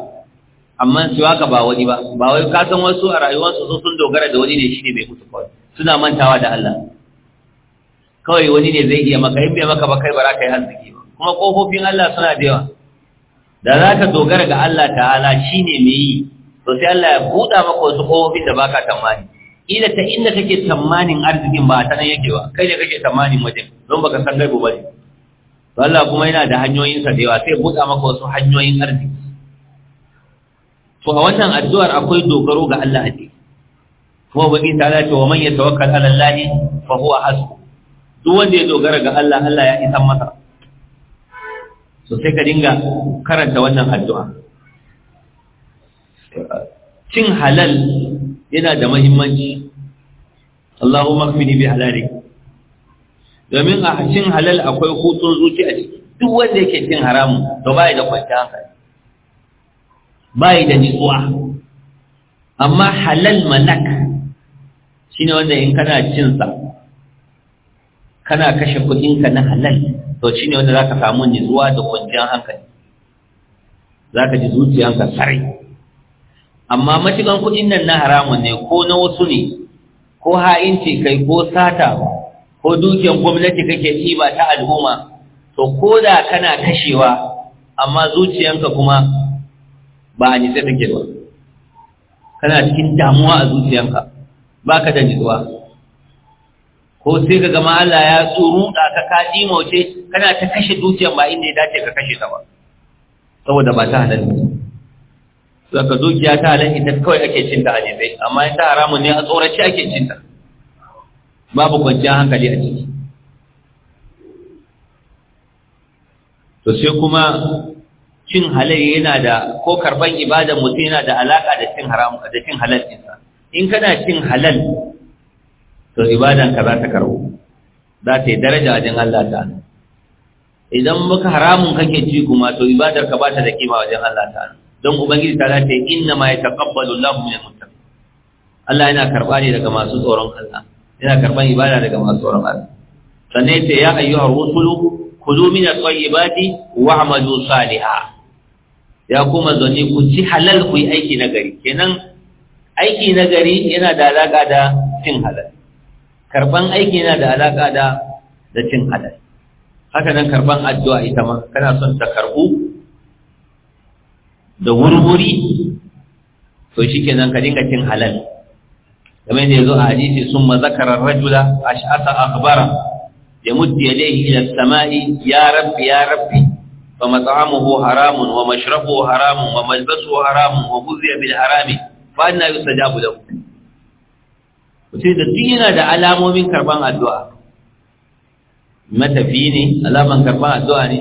A: amma su waka ba wani ba ba wai ka san wasu a rayuwarsu su sun dogara da wani ne shine mai mutu kawai suna mantawa da Allah kawai wani ne zai iya maka in bai maka ba kai ba za ka yi arziki ba kuma kofofin Allah suna da yawa
B: da za ka dogara
A: ga Allah ta'ala shine mai yi to sai Allah ya buɗa maka wasu kofofin da baka tamani ila ta inda kake tamanin arzikin ba ta nan yake ba kai ne kake tamanin wajen don baka san gaibu ba ne to Allah kuma yana da hanyoyin sa da yawa sai buɗa maka wasu hanyoyin arziki to a wannan addu'ar akwai dogaro ga Allah ne kuma bani ta ce wa man yatawakkal ala Allah fa huwa hasbu duk wanda ya dogara ga Allah Allah ya isa masa to sai ka dinga karanta wannan addu'a cin halal yana da muhimmanci Allahumma kfini bi halali domin a cin halal akwai hutun zuci a ciki duk wanda yake cin haramun to bai da kwanciyar hankali bai da nitsuwa amma halal malak shine wanda in kana cin sa kana kashe kudin ka na halal to shine wanda zaka samu nitsuwa da kwanciyar hankali zaka ji zuciyanka sare amma matukan kudin nan na haramun ne ko na wasu ne ko ha'inci kai ko sata ko dukiyar gwamnati kake ba ta al'umma to ko da kana kashewa amma zuciyanka kuma ba a nitsa take ba kana cikin damuwa a zuciyanka ba ka da nitsuwa ko sai ka gama Allah ya tsoro da ka kaji mauce kana ta kashe dukiyar ba inda ya dace ka kashe ta ba saboda ba ta halarci. zo dukiya ta halin ita kawai ake cin ta ajizai amma ita haramun ne a tsoraci ake cin ta babu kwanciyar hankali a ciki to sai kuma cin halal yana da ko karban ibada mutum yana da alaka da cin haram da cin halal sa in kana cin halal to ibadan ka za ta karbu za ta yi daraja wajen Allah ta idan muka haramun kake ci kuma to ibadar ka ba ta da kima wajen Allah ta'ala don ubangiji ta ce inna ma yataqabbalu Allahu minal muttaqin Allah yana karba ne daga masu tsoron Allah yana karban ibada daga masu tsoron Allah sannan yace ya ayyuhar rusulu kulu min at-tayyibati wa'malu salihan ya kuma zane ku ci halal ku yi aiki na gari kenan aiki na gari yana da alaƙa da cin halal karban aiki yana da alaƙa da da cin halal haka nan karban addu'a ita ma kana son ta karbu da wurwuri to shi nan ka dinga cin halal kamar yadda ya zo a hadisi sun mazakarar rajula a sha'asa habara ya mutu ya dai ila sama'i ya rabbi ya rabbi fa mat'amuhu haramun wa ko haramun wa ko haramun wa buziya bil harami fa anna yustajabu lahu sai da duk yana da alamomin karban addu'a matafi ne alaman karban addu'a ne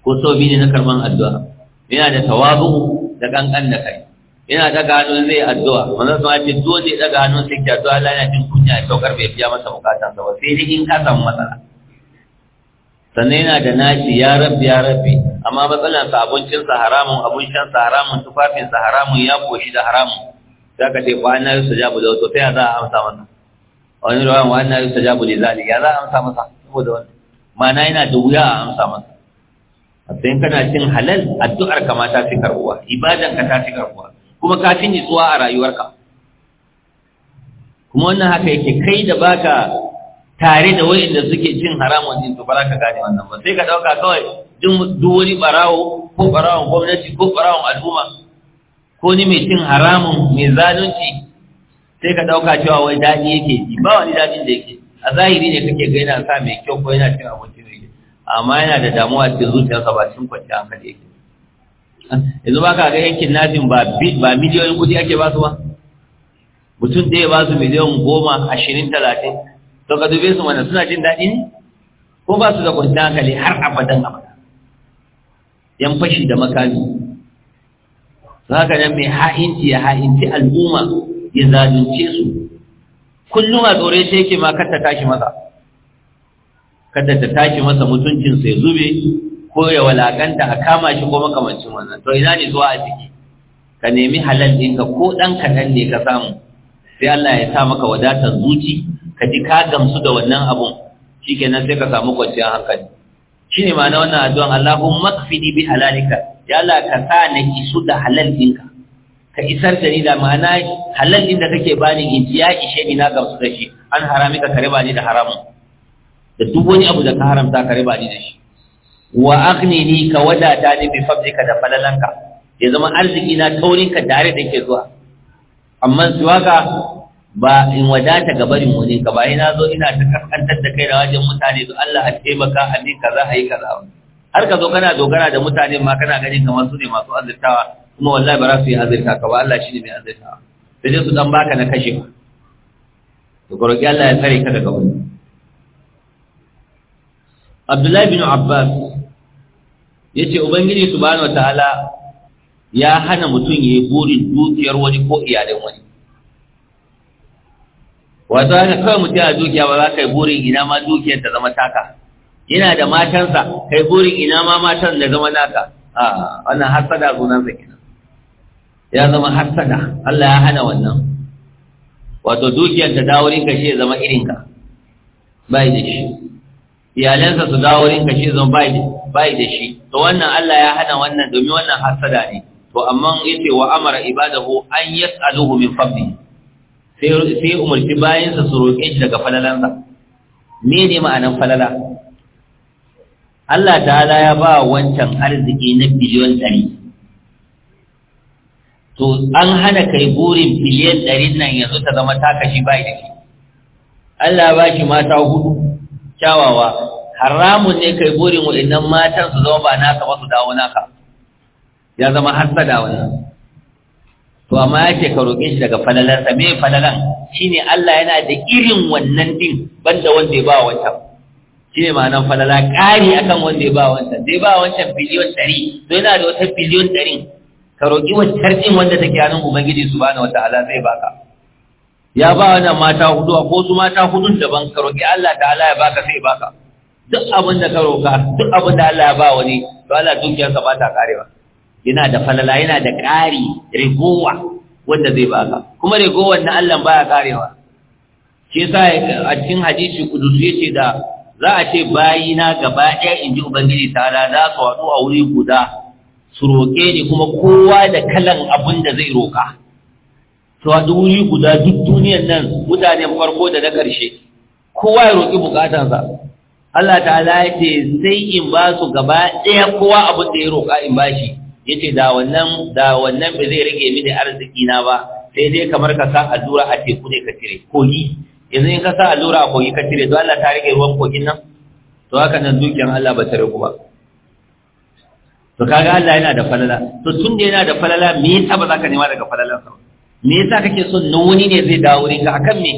A: ko sobi ne na karban addu'a yana da tawazu da kankan da kai yana daga hannu zai addu'a wanda sun ake dole daga hannun sai ki addu'a Allah yana jin kunya ya saukar bai biya masa bukatan sa ba sai dai in ka samu matsala sannan yana da naci ya rabbi ya rabbi amma matsalan sa abincin sa haramun abun shan sa haramun tufafin sa haramun ya koshi da haramun za ka ce wa anna yustajabu da wato ta za a amsa masa wani ruwan wa anna yustajabu da zali ya za a amsa masa saboda wani. ma'ana yana da wuya a amsa masa abin kana cin halal addu'ar ka ma ta fi karbuwa ibadan ka ta fi karbuwa kuma ka fi nitsuwa a rayuwarka kuma wannan haka yake kai da baka tare da wa'inda suke cin haramun din to ba za ka gane wannan ba sai ka dauka kawai duk wani barawo ko barawon gwamnati ko barawon al'umma ko ni mai cin haramun mai zalunci sai ka ɗauka cewa wai daɗi yake ji ba wani daɗin da yake a zahiri ne kake ga yana sa mai kyau ko yana cin abinci mai kyau amma yana da damuwa cikin zuciyarsa ba cikin kwanciyar hankali yake yanzu ba ka ga yankin nafin ba miliyoyin kudi ake ba su ba mutum ɗaya ba su miliyan goma ashirin talatin to ka dube su mana suna jin daɗi ne ko ba su da kwanciyar hankali har abadan abada yan fashi da makami za ka nan mai ha'inci ya ha'inci al'umma ya zalunce su kullum a tsore sai yake ma kar ta tashi masa kada ta tashi masa mutuncin, sai zube ko ya walakanta a kama shi ko makamancin wannan to ina ne zuwa a ciki ka nemi halal ɗinka ko ɗan kaɗan ne ka samu sai Allah ya sa maka wadatar zuci ka ji ka gamsu da wannan abun shikenan sai ka samu kwanciyar hankali shine ma'ana wannan addu'an Allahumma kfini bi halalika ya Allah ka sa na isu da halal ɗinka ka isar da ni da ma'ana halal din da kake bani in ya ishe ni na gamsu da shi an haramika ka riba ni da haramun da duk wani abu da ka haramta ka riba ni da shi wa ni ka wadata ni bi fadlika da falalanka ya zama arziki na taurin ka dare da ke zuwa amma suwaka ba in wadata ga barin wani ka ba ina zo ina ta kaskantar da kai da wajen mutane to Allah a taimaka a ni kaza a yi kaza har ka zo kana dogara da mutane ma kana ganin kamar su ne masu azurtawa kuma wallahi ba za su yi azurta ka ba Allah shi ne mai azurtawa sai dai su dan baka na kashe ka to roƙi Allah ya tsare ka daga wani abdullahi bin abbas ya ce ubangiji subhanahu wa ta'ala ya hana mutum ya yi burin dukiyar wani ko iyalin wani wato haka kawai mutum yana dukiya ba za ka yi burin ina ma dukiyar ta zama taka yana da matansa kai burin ina ma matan da zama naka a wannan hasada sunan sa kenan ya zama hasada Allah ya hana wannan wato dukiyar ta dawo ka shi ya zama irinka bai da shi iyalansa su dawo wurin ka shi zan bai bai da shi to wannan Allah ya hana wannan domin wannan hasada ne to amma yace wa amara ibadahu an yas'aluhu min fadli sai sai umarci sa su roke shi daga falalansa me ne ma'anan falala Allah ta'ala ya ba wancan arziki na biliyon ɗari to an hana kai burin biliyan ɗarin nan yanzu ta zama ta shi bai da shi Allah ba shi mata hudu kyawawa haramun ne kai burin waɗannan matan su zama ba naka ba su dawo naka ya zama da wannan to amma ya ce ka roƙe shi daga sa me falalan shine Allah yana da irin wannan din banda wanda ya ba wancan shine ma'anar falala ƙari akan wanda ya ba wancan zai ba wancan biliyon ɗari to yana da wata biliyon ɗarin ka roƙi wancan ɗin wanda take hannun ubangiji subhanahu ta'ala zai baka ya ba wannan mata hudu a ko su mata hudun daban ka roƙi Allah ta'ala ya baka sai baka duk abin da ka roƙa duk abin da Allah ya ba wani to Allah ya ba ta karewa yana da falala yana da ƙari rigowa wanda zai baka kuma rigowar na Allah baya karewa shi yasa a cikin hadisi kudusi yace da za a ce bayina gaba ɗaya in ji ubangiji ta'ala za su haɗu a wuri guda su roƙe ni kuma kowa da kalan abin da zai roka. to a guda duk duniyan nan mutanen farko da na ƙarshe kowa ya roƙi buƙatansa Allah ta'ala ya ce sai in ba su gaba ɗaya kowa abin da ya roƙa in ba shi ya ce da wannan da wannan ba zai rage mini arziki na ba sai dai kamar ka sa allura a teku ne ka cire kogi yanzu in ka sa allura a kogi ka cire to Allah ta rage ruwan kogin nan to haka nan dukiyar Allah ba ta rage ba to kaga Allah yana da falala to tun da yana da falala me yasa ba za ka nema daga falalansa ba me yasa kake son na wani ne zai dawo wurin ka akan me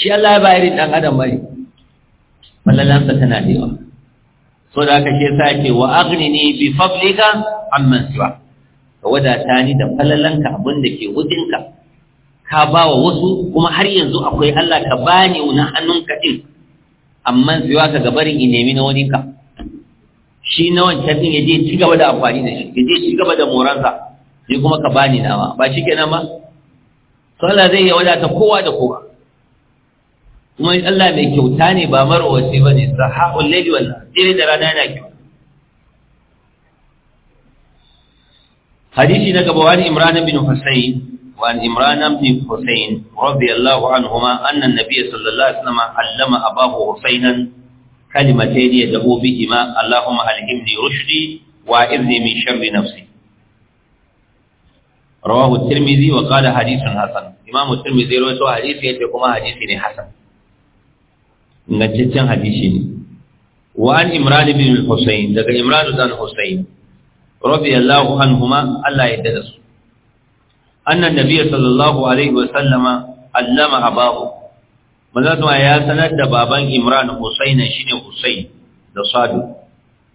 A: shi Allah ya bayar dan adam bane fallalan sa tana da yawa so da aka ce, yasa yake wa aghnini bi fadlika amma siwa ka wadata ni da fallalan ka abin da ke wudin ka ka wa wasu kuma har yanzu akwai Allah ka bani hannun ka din amma siwa ka gabar in nemi na wani ka shi na wancan din yaje ci gaba da amfani da shi yaje ci gaba da moransa sai kuma ka bani nawa ba shi kenan ba to zai iya wadata kowa da kowa kuma Allah mai kyauta ne ba marwaci ba ne sahaul laili wal da rana yana kyau hadisi na gaba wani imran bin husayn وعن إمران بن حسين رضي الله عنهما أن النبي صلى الله عليه وسلم علم أباه حسينا كلمتين يدعو بهما اللهم ألهمني رشدي وأعذني من شر Nafsi. rawahu tirmidhi wa qala hadithun hasan imam tirmidhi rawaito hadisi yace kuma hadisi ne hasan ingantaccen hadisi ne wa an imran ibn al-husayn daga imran dan husayn radiyallahu Allah ya dada su anna nabiyyi sallallahu alaihi wa sallama allama abahu manzo ya sanar da baban imran husayn shine husayn da sadu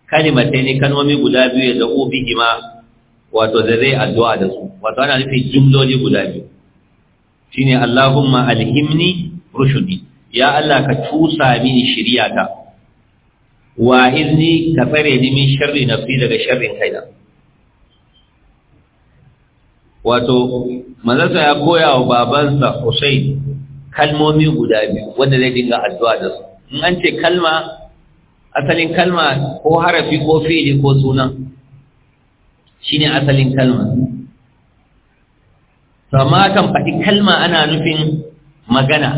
A: kalimatayn kalmomi guda biyu da ubi ima wato da zai addu'a da su wato ana nufin jimloli guda biyu shine Allahumma alhimni rushdi ya Allah ka tusa mini shiriyata wa izni ka tsare ni min sharri nafsi daga sharrin kaina wato manzansa ya koya wa babansa Hussein kalmomi guda biyu wanda zai dinga addu'a da su in an ce kalma asalin kalma ko harafi ko fili ko sunan shine asalin kalma to amma kan faɗi kalma ana nufin magana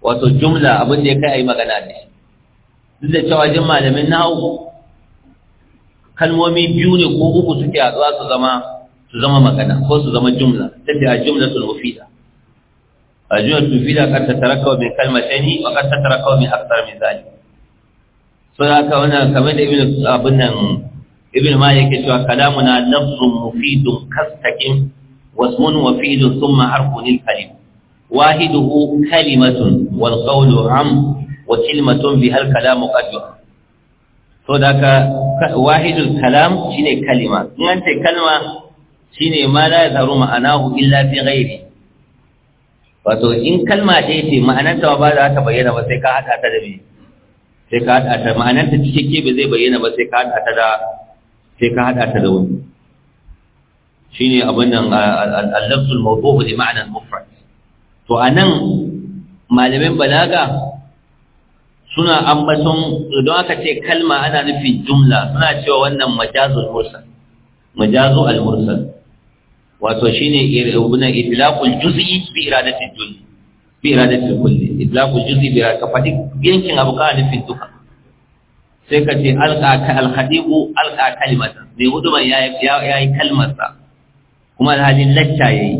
A: wato jumla abin da ya kai a yi magana da shi duk da cewa jin malamin nahu kalmomi biyu ne ko uku suke haɗuwa su zama su zama magana ko su zama jumla ta ce a jumla sun da. a jumla sun da kan ta tarakawa mai kalma shani wa kan ta tarakawa mai aksar mai zali so da haka wannan kamar da ibn abin nan ibn malik ya cewa kalamuna lafzun mufidun kastaqin wasmun wafidun thumma harfun al-kalim wahiduhu kalimatun wal qawlu am wa kalimatun bi hal kalamu qad to daga wahidul kalam shine kalima in an ce kalma shine ma la yazaru ma'anahu illa fi ghairi wato in kalma ɗaya ce ma'anarta ba za ta bayyana ba sai ka hada ta da me sai ka hada ta ma'anarta cikakke ba zai bayyana ba sai ka hada ta da sai ka hada ta da wani shine abin nan al-lafzul mawdu'u li ma'nan mufrad to anan malamin balaga suna ambaton don aka ce kalma ana nufin jumla suna cewa wannan majazul mursal majazul mursal wato shine ibn itlaqul juz'i bi iradati juz'i bi iradati kulli itlaqul juz'i bi iradati yankin abu ka nufi duka sai ka ce alƙa ka alhadibu alƙa kalmata mai huduma ya yi kalmarsa kuma alhalin lacca ya yi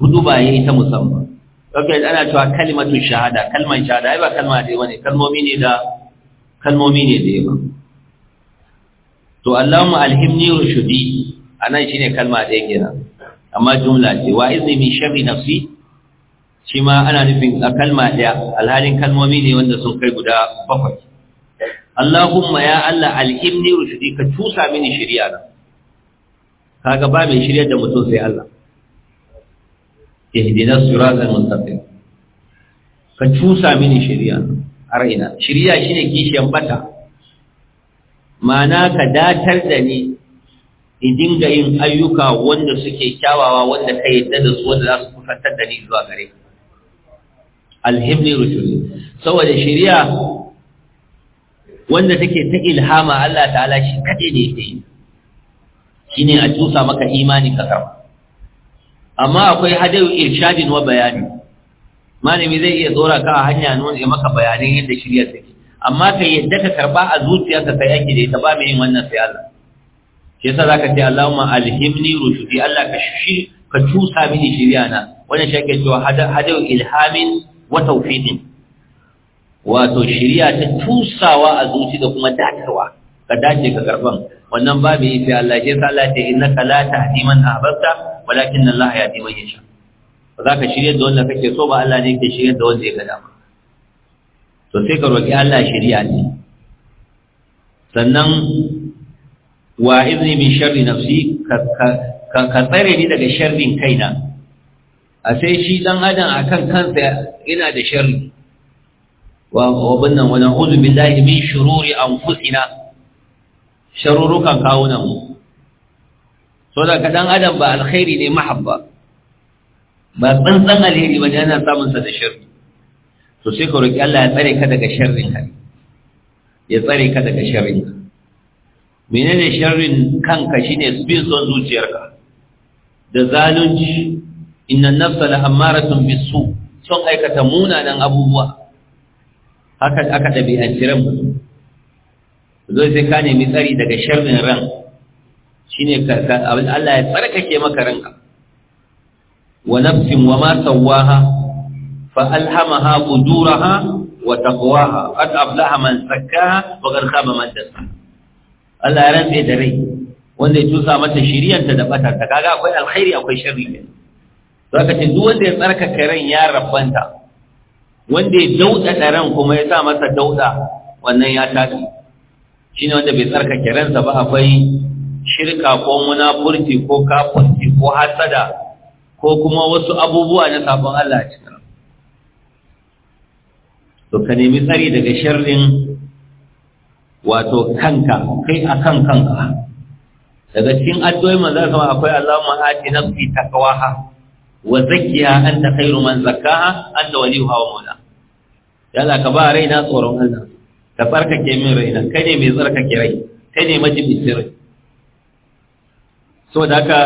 A: huduba ya yi ta musamman ɗauke ana cewa kalmatu shahada kalman shahada ya ba kalma da yawa ne kalmomi ne da kalmomi ne da yawa to allahumma alhimni rushudi shi shine kalma da ya nan amma jumla ce wa izni min na nafsi shi ma ana nufin a kalma daya alhalin kalmomi ne wanda sun kai guda bakwai Allahumma ya Allah alhimni rushdi ka tusa mini shari'a na kaga ba mai shari'a da mutum sai Allah ihdinas siratal mustaqim ka tusa mini shari'a a raina shari'a shine kishiyan bata ma'ana ka datar da ni in dinga yin ayyuka wanda suke kyawawa wanda ka yadda da su wanda za su kusantar da ni zuwa gare ka alhimni rushdi saboda shari'a wanda take ta ilhama Allah ta'ala shi kaɗai ne ke yi ne a tusa maka imani ka kama amma akwai hadayu irshadin wa bayani malami zai iya tsora ka a hanya nuna ya maka bayanin yadda shirya take amma ka yadda ka karba a zuciyarka ka yake da ita ba mai yin wannan sai Allah shi yasa zaka ce Allahumma alhimni rushudi Allah ka shi ka tusa mini shirya na wannan shi ake cewa hadayu ilhamin wa tawfiqin wato shirya ta tusawa a zuci da kuma datarwa ka dace ka karban wannan babu yi sai Allah ya sala ta ka la tahdi man ahbabta walakin Allah yahdi man yasha ba za ka shirya da wanda kake so ba Allah ne ke shirya da wanda ya ga dama to sai ka roƙi Allah shirya ne sannan wa izni min sharri nafsi ka tsare ni daga sharrin kaina a sai shi dan adam akan kansa yana da sharri وابن ونعوذ بالله من شرور أنفسنا شرورك كاونا saboda kaɗan adam ba alkhairi ne mahabba ba tsantsan alheri ba yana samunsa da shirri So sai ka roƙi Allah ya tsare ka daga sharrin ka ya tsare ka daga sharrin ka menene sharrin kanka shine bin son zuciyarka da zalunci inna nafsa la amaratun bisu son aikata munanan abubuwa haka aka ɗabi'anci ran mutum zo sai ka nemi tsari daga sharrin ran shine Allah ya tsarkake maka ranka wa nafsin wa ma ha? fa alhama ha alhamaha ha? wa taqwaha qad aflaha man zakkaha wa qad khaba man dassaha Allah ya rantse da rai wanda ya tusa mata shiriyanta da batarta kaga akwai alkhairi akwai sharri ne to ce duk wanda ya tsarkake ran ya rabbanta wanda ya dauɗa ran kuma ya sa masa dauɗa wannan ya tashi shi ne wanda bai tsarkake ransa ba akwai shirka ko munafurci ko kafurci ko hasada ko kuma wasu abubuwa na sabon Allah a cikin to ka nemi tsari daga sharrin wato kanka kai a kan kanka daga cikin addu'o'i ka ma akwai Allahumma ati nafsi taqwaha wa zakkiha anta khairu man zakkaha anta waliyuha wa mawla ya za ka ba raina tsoron Allah ka tsarkake min raina kai ne mai tsarkake rai kai ne majibinci rai so da haka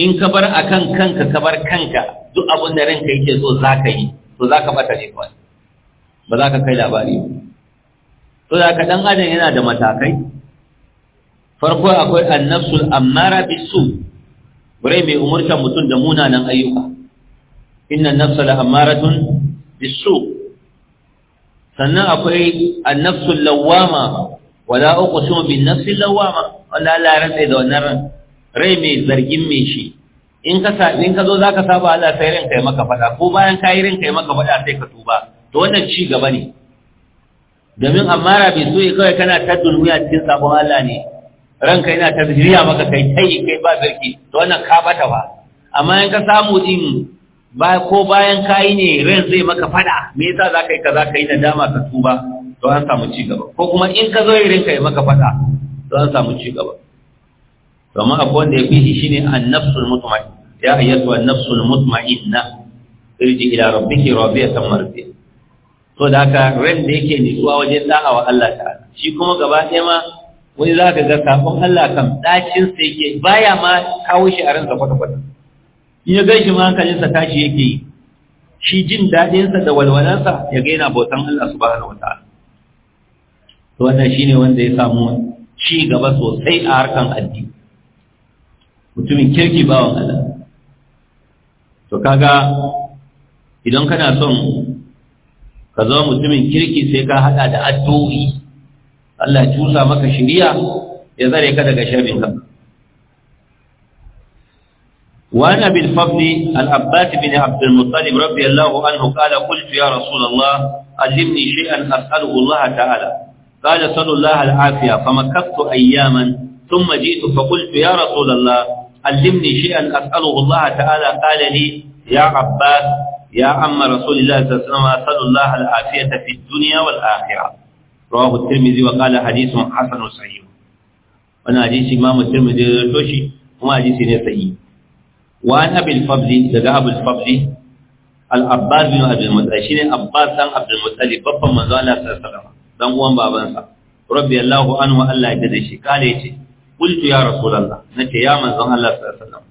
A: in ka bar akan kanka ka bar kanka duk abin da ranka yake so za ka yi to za ka bata ne kawai ba za ka kai labari to da haka dan adam yana da matakai farko akwai annafsul amara bisu rai mai umurta mutum da munanan ayyuka inna nafsa la amaratun bisu sannan akwai annafsul lawama wala uqsimu bin nafsil lawama wala la rantsa da wannan ran rai mai zargin mai shi in ka sa in ka zo zaka saba Allah sai rin kai maka fada ko bayan kai rin kai maka fada sai ka tuba to wannan ci gaba ne domin amma bai so kai kana ta dulmiya cikin sabon Allah ne
B: ranka yana ta zuriya maka kai
A: kai kai ba zarki to wannan ka bata ba amma in ka samu din ba ko bayan kayi ne ran zai maka fada me yasa za ka yi kaza ka yi dama ka tuba to an samu ci gaba ko kuma in ka zo irin ka yi maka fada to an samu ci gaba to amma akwai wanda ya fi shi shine an-nafsul mutma'in ya ayyatu an-nafsul mutma'inna irji ila rabbiki radiyatan mardiya to da haka ran da yake zuwa wajen da'a wa Allah ta'ala shi kuma gaba ɗaya ma wani za ka ga kafin Allah kan ɗacinsa yake baya ma kawo shi a ransa kwata-kwata in ya gaishe ma hankalinsa tashi yake yi shi jin daɗinsa da walwalansa ya gaina bautan Allah subhanahu wa ta'ala to wannan shine wanda ya samu ci gaba sosai a harkan addini mutumin kirki bawan Allah to kaga idan kana son ka zama mutumin kirki sai ka hada da addu'o'i Allah ya tusa maka shiriya ya zare ka daga sharrin ka. وأنا بالفضل الأباس بن عبد المطلب رضي الله عنه قال قلت يا رسول الله علمني شيئا أسأله الله تعالى قال صلى الله العافية فمكثت أياما ثم جئت فقلت يا رسول الله علمني شيئا أسأله الله تعالى قال لي يا عباس يا عم رسول الله صلى الله عليه وسلم أسأل الله العافية في الدنيا والآخرة رواه الترمذي وقال حديث حسن صحيح وانا حديث إمام الترمذي يقول وما حديث صحيح wa an abil daga abul fabli al-abbas bin abdul muttalib abbas dan abdul muttalib babban manzo Allah sallallahu alaihi wasallam dan uwan babansa rabbi allah anhu allah ya dade shi kale yace qultu ya rasulullah nace ya manzon Allah sallallahu alaihi wasallam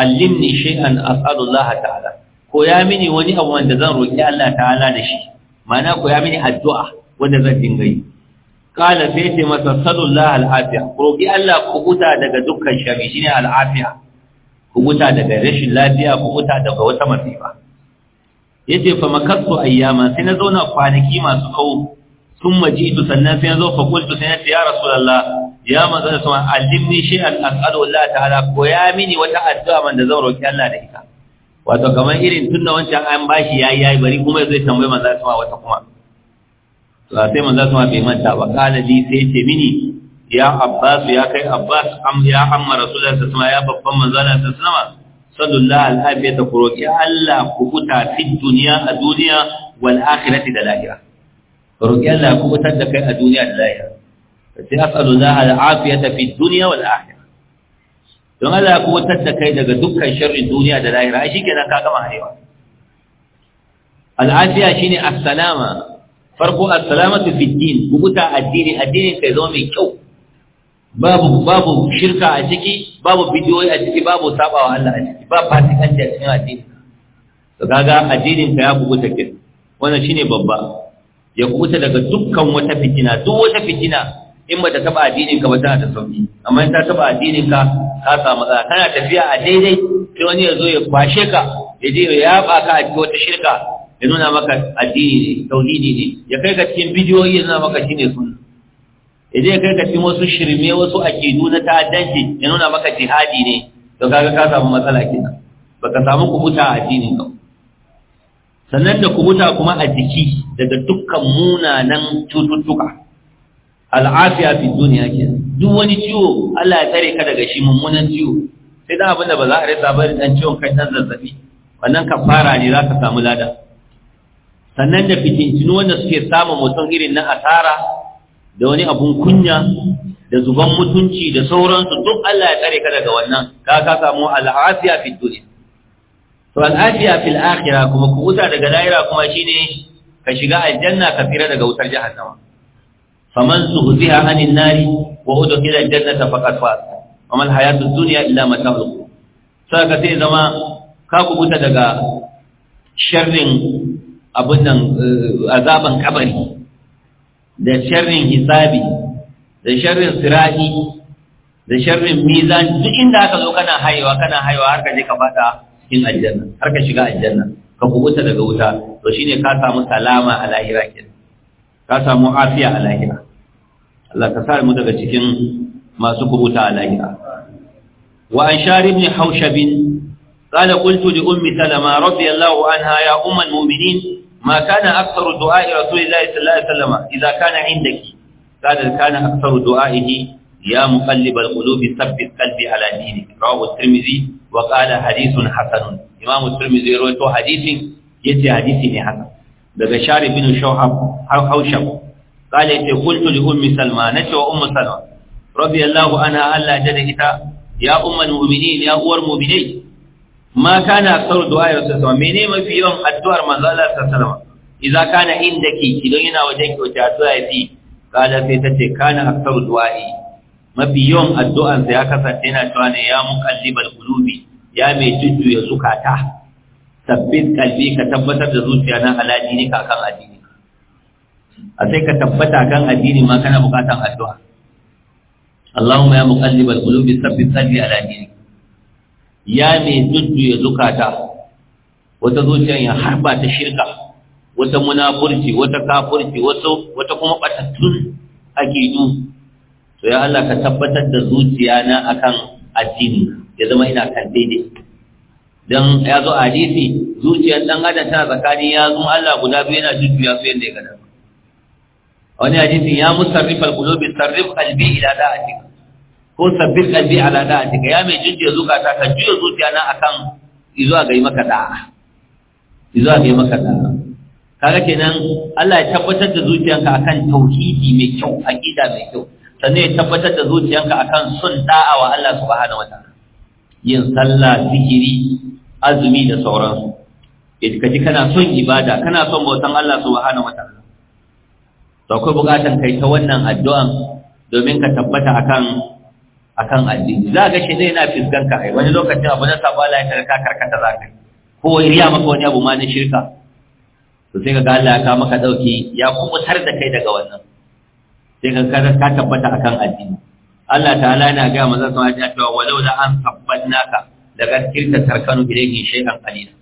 A: allimni shay'an as'alu allah ta'ala ko ya mini wani abu wanda zan roki Allah ta'ala da shi mana ko mini addu'a wanda zan dinga yi kala ce masa sallallahu al'afiya roki Allah ku huta daga dukkan shari shine al'afiya kubuta daga rashin lafiya kubuta daga wata masifa ce fa makasu ayyama sai na zauna kwanaki masu kawo sun majitu sannan sai na zo fa qultu sai na ce ya rasulullah ya manzo da sama alimni shay'an as'alu Allah ko ya mini wata addu'a man da zan roƙi Allah da ita wato kamar irin tun da wancan an bashi yayi yayi bari kuma zai tambayi manzo da sama wata kuma sai manzo da sama bai manta ba kana li sai ce mini یا عباس یا کہ عباس ام يا ام رسول اللہ صلى الله عليه وسلم یا بابا مزانا صلی اللہ علیہ وسلم صلی اللہ علیہ وسلم تقرو کیا اللہ قبطا فی الدنیا الدنیا والآخرت دلائرہ قرو کیا اللہ قبطا دکا الدنیا دلائرہ سی اصل اللہ العافیت فی الدنیا والآخرت تو اللہ قبطا دکا دکا شر الدنیا دلائرہ ایشی کیا نکا کم آئے العافیہ شین السلامہ فرق السلامة في الدين قبطا الدين الدين قضومی چوک babu babu shirka a ciki babu bidiyoyi a ciki babu sabawa Allah a ciki ba fasikanci a cikin addini to kaga addinin ka ya kubuta kin wannan shine babba ya kubuta daga dukkan wata fitina duk wata fitina in ba ta taba addinin ka ba tana ta sauki amma in ta taba addinin ka ka samu matsala kana tafiya a daidai sai wani ya zo ya kwashe ka ya je ya yaba ka a cikin wata shirka ya nuna maka addini ne tauhidi ne ya kai ka cikin bidiyoyi ya nuna maka shine sunna ya kai ka cikin wasu shirme wasu akidu na ta'addanci ya nuna maka jihadi ne to kaga ka samu matsala kenan baka samu kubuta a addinin ka sannan da kubuta kuma a jiki daga dukkan munanan cututtuka al'afiya fi duniya ke duk wani ciwo Allah ya tsare ka daga shi mummunan ciwo sai da abin da ba za a rasa ba dan ciwon kai dan zazzabi wannan ka fara ne za ka samu lada sannan da fitintinu wanda suke samun mutum irin na asara da wani abun kunya da zuban mutunci da sauransu duk Allah ya tsare ka daga wannan ka ka samu al'afiya fi dunya to al'afiya fil akhirah kuma ku wuta daga daira kuma shine ka shiga aljanna ka tsira daga wutar jahannama faman zuhziha anin nari wa udkhila aljannata faqad wa mal hayatud dunya illa mata'u sai ka sai zama ka ku wuta daga sharrin abin nan eh, azaban kabari da sharrin hisabi da sharrin sira'i da sharrin mizan duk inda aka zo kana haihuwa kana haihuwa har ka je ka fada cikin aljanna har ka shiga aljanna ka kubuta daga wuta to shine ka samu salama a lahira kenan ka samu afiya a lahira Allah ka sa mu daga cikin masu kubuta a lahira wa an shari ibn haushab قال قلت لأم سلمة رضي الله عنها يا أم المؤمنين ما كان أكثر دعاء رسول الله صلى الله عليه وسلم إذا كان عندك قال كان أكثر دعائه يا مقلب القلوب ثبت قلبي على دينك رواه الترمذي وقال حديث حسن إمام الترمذي رويته حديث يتي حديث حسن daga shari bin shauhab har haushab kala yace qultu li ummi salma nace wa ummu salma radiyallahu anha Allah da ita ya ummul mu'minin ya uwar mu'minai ma kana aksar du'a ya rasul sallallahu alaihi wasallam mafi yawan addu'ar manzo Allah sallallahu alaihi wasallam idza kana indaki yana wajen ki wata addu'a yafi kada ta ce kana aksar du'a'i mafi yawan addu'an ya kasance yana cewa ne ya muqallibal qulubi ya mai jujjuya zukata tabbit kalbi ka tabbatar da zuciya na alaji ne kan addini a ka tabbata kan addini ma kana bukatan addu'a Allahumma ya muqallibal qulubi thabbit qalbi ala ya mai ya zukata wata zuciyar ya harba ta shirka wata munafurci wata kafurci wata kuma batattun du to ya Allah ka tabbatar da zuciya na akan addini ya zama ina kan daidai dan ya zo hadisi zuciyar dan adam tana tsakanin zo Allah guda biyu yana ya su yadda ya gada wani hadisi ya musarrifa al-qulubi sarrif qalbi ila da'atika ko sabbin kalbi ala cika ya mai jinjiya zukata ka juya zuciya na kan, izuwa ga yi maka da'a izuwa ga yi maka da'a kaga kenan Allah ya tabbatar da zuciyanka a kan tauhidi mai kyau gida mai kyau sannan ya tabbatar da zuciyanka a kan sun da'a wa Allah subhanahu wata. yin sallah zikiri azumi da sauransu ka ji kana son ibada kana son bautan Allah subhanahu wata. to akwai bukatan kai ta wannan addu'an domin ka tabbata akan akan addini za ga shi dai yana fiskan ka wani lokacin abu na sabo Allah ya tarka karkata za ka ko riya maka wani abu ma na shirka to sai ka ga Allah ya ka maka dauki ya kubutar da kai daga wannan sai ka ka ka tabbata akan addini Allah ta'ala yana ga manzon sa ya cewa walau da an sabbanaka laqad kirta tarkanu ilayhi shay'an qalil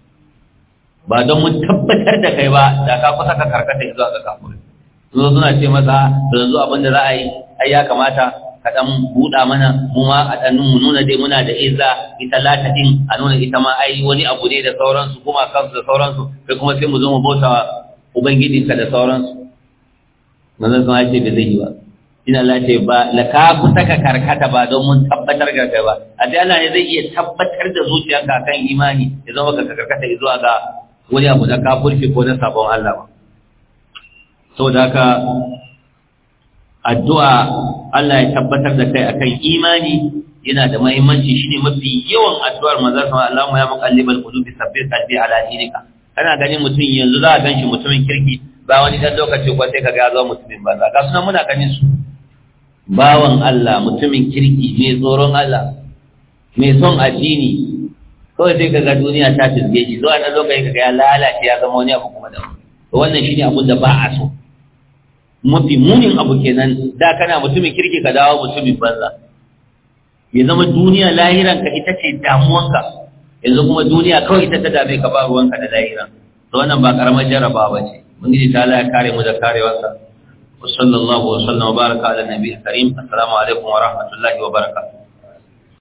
A: ba don mun tabbatar da kai ba da ka kusa ka karkata zuwa ga kafir suna ce masa da abin da za a yi ai ya kamata Kaɗan buɗa mana mu ma a dan mu nuna dai muna da izza ita lata din a nuna ita ma ai wani abu ne da sauransu kuma kansu da sauransu sai kuma sai mu zo mu bauta ubangijinka da sauransu manzon sun ce bai zai yi ba ina ce ba la ka ku saka karkata ba don mun tabbatar ga kai ba a dai Allah ne zai iya tabbatar da zuciyarka kan imani ya zama ka karkata zuwa ga wani abu na kafirci ko na sabon Allah ba saboda haka addu'a Allah ya tabbatar da kai akan imani yana da muhimmanci shine mafi yawan addu'ar maza sallallahu alaihi wasallam ya muqallibal qulubi sabbir qalbi ala dinika kana ganin mutum yanzu za a ganshi mutumin kirki ba wani dan lokaci ko sai kaga ya zuwa mutumin banza ga sunan muna ganin su bawan Allah mutumin kirki ne tsoron Allah mai son addini kawai sai kaga duniya ta fizge shi zuwa dan lokaci kaga ya lalace ya zama wani abu kuma da wannan shine abin da ba a so mafi munin abu kenan da kana mutumin kirki ka dawo mutumin banza ya zama duniya lahiran ka ita ce damuwanka yanzu kuma duniya kawai ita ta dame ka ba ruwanka da lahiran to wannan ba karamar ba ce mun ji ta Allah ya kare mu da karewarsa wa sallallahu wa sallama baraka ala nabiyil karim assalamu alaikum wa rahmatullahi wa barakatuh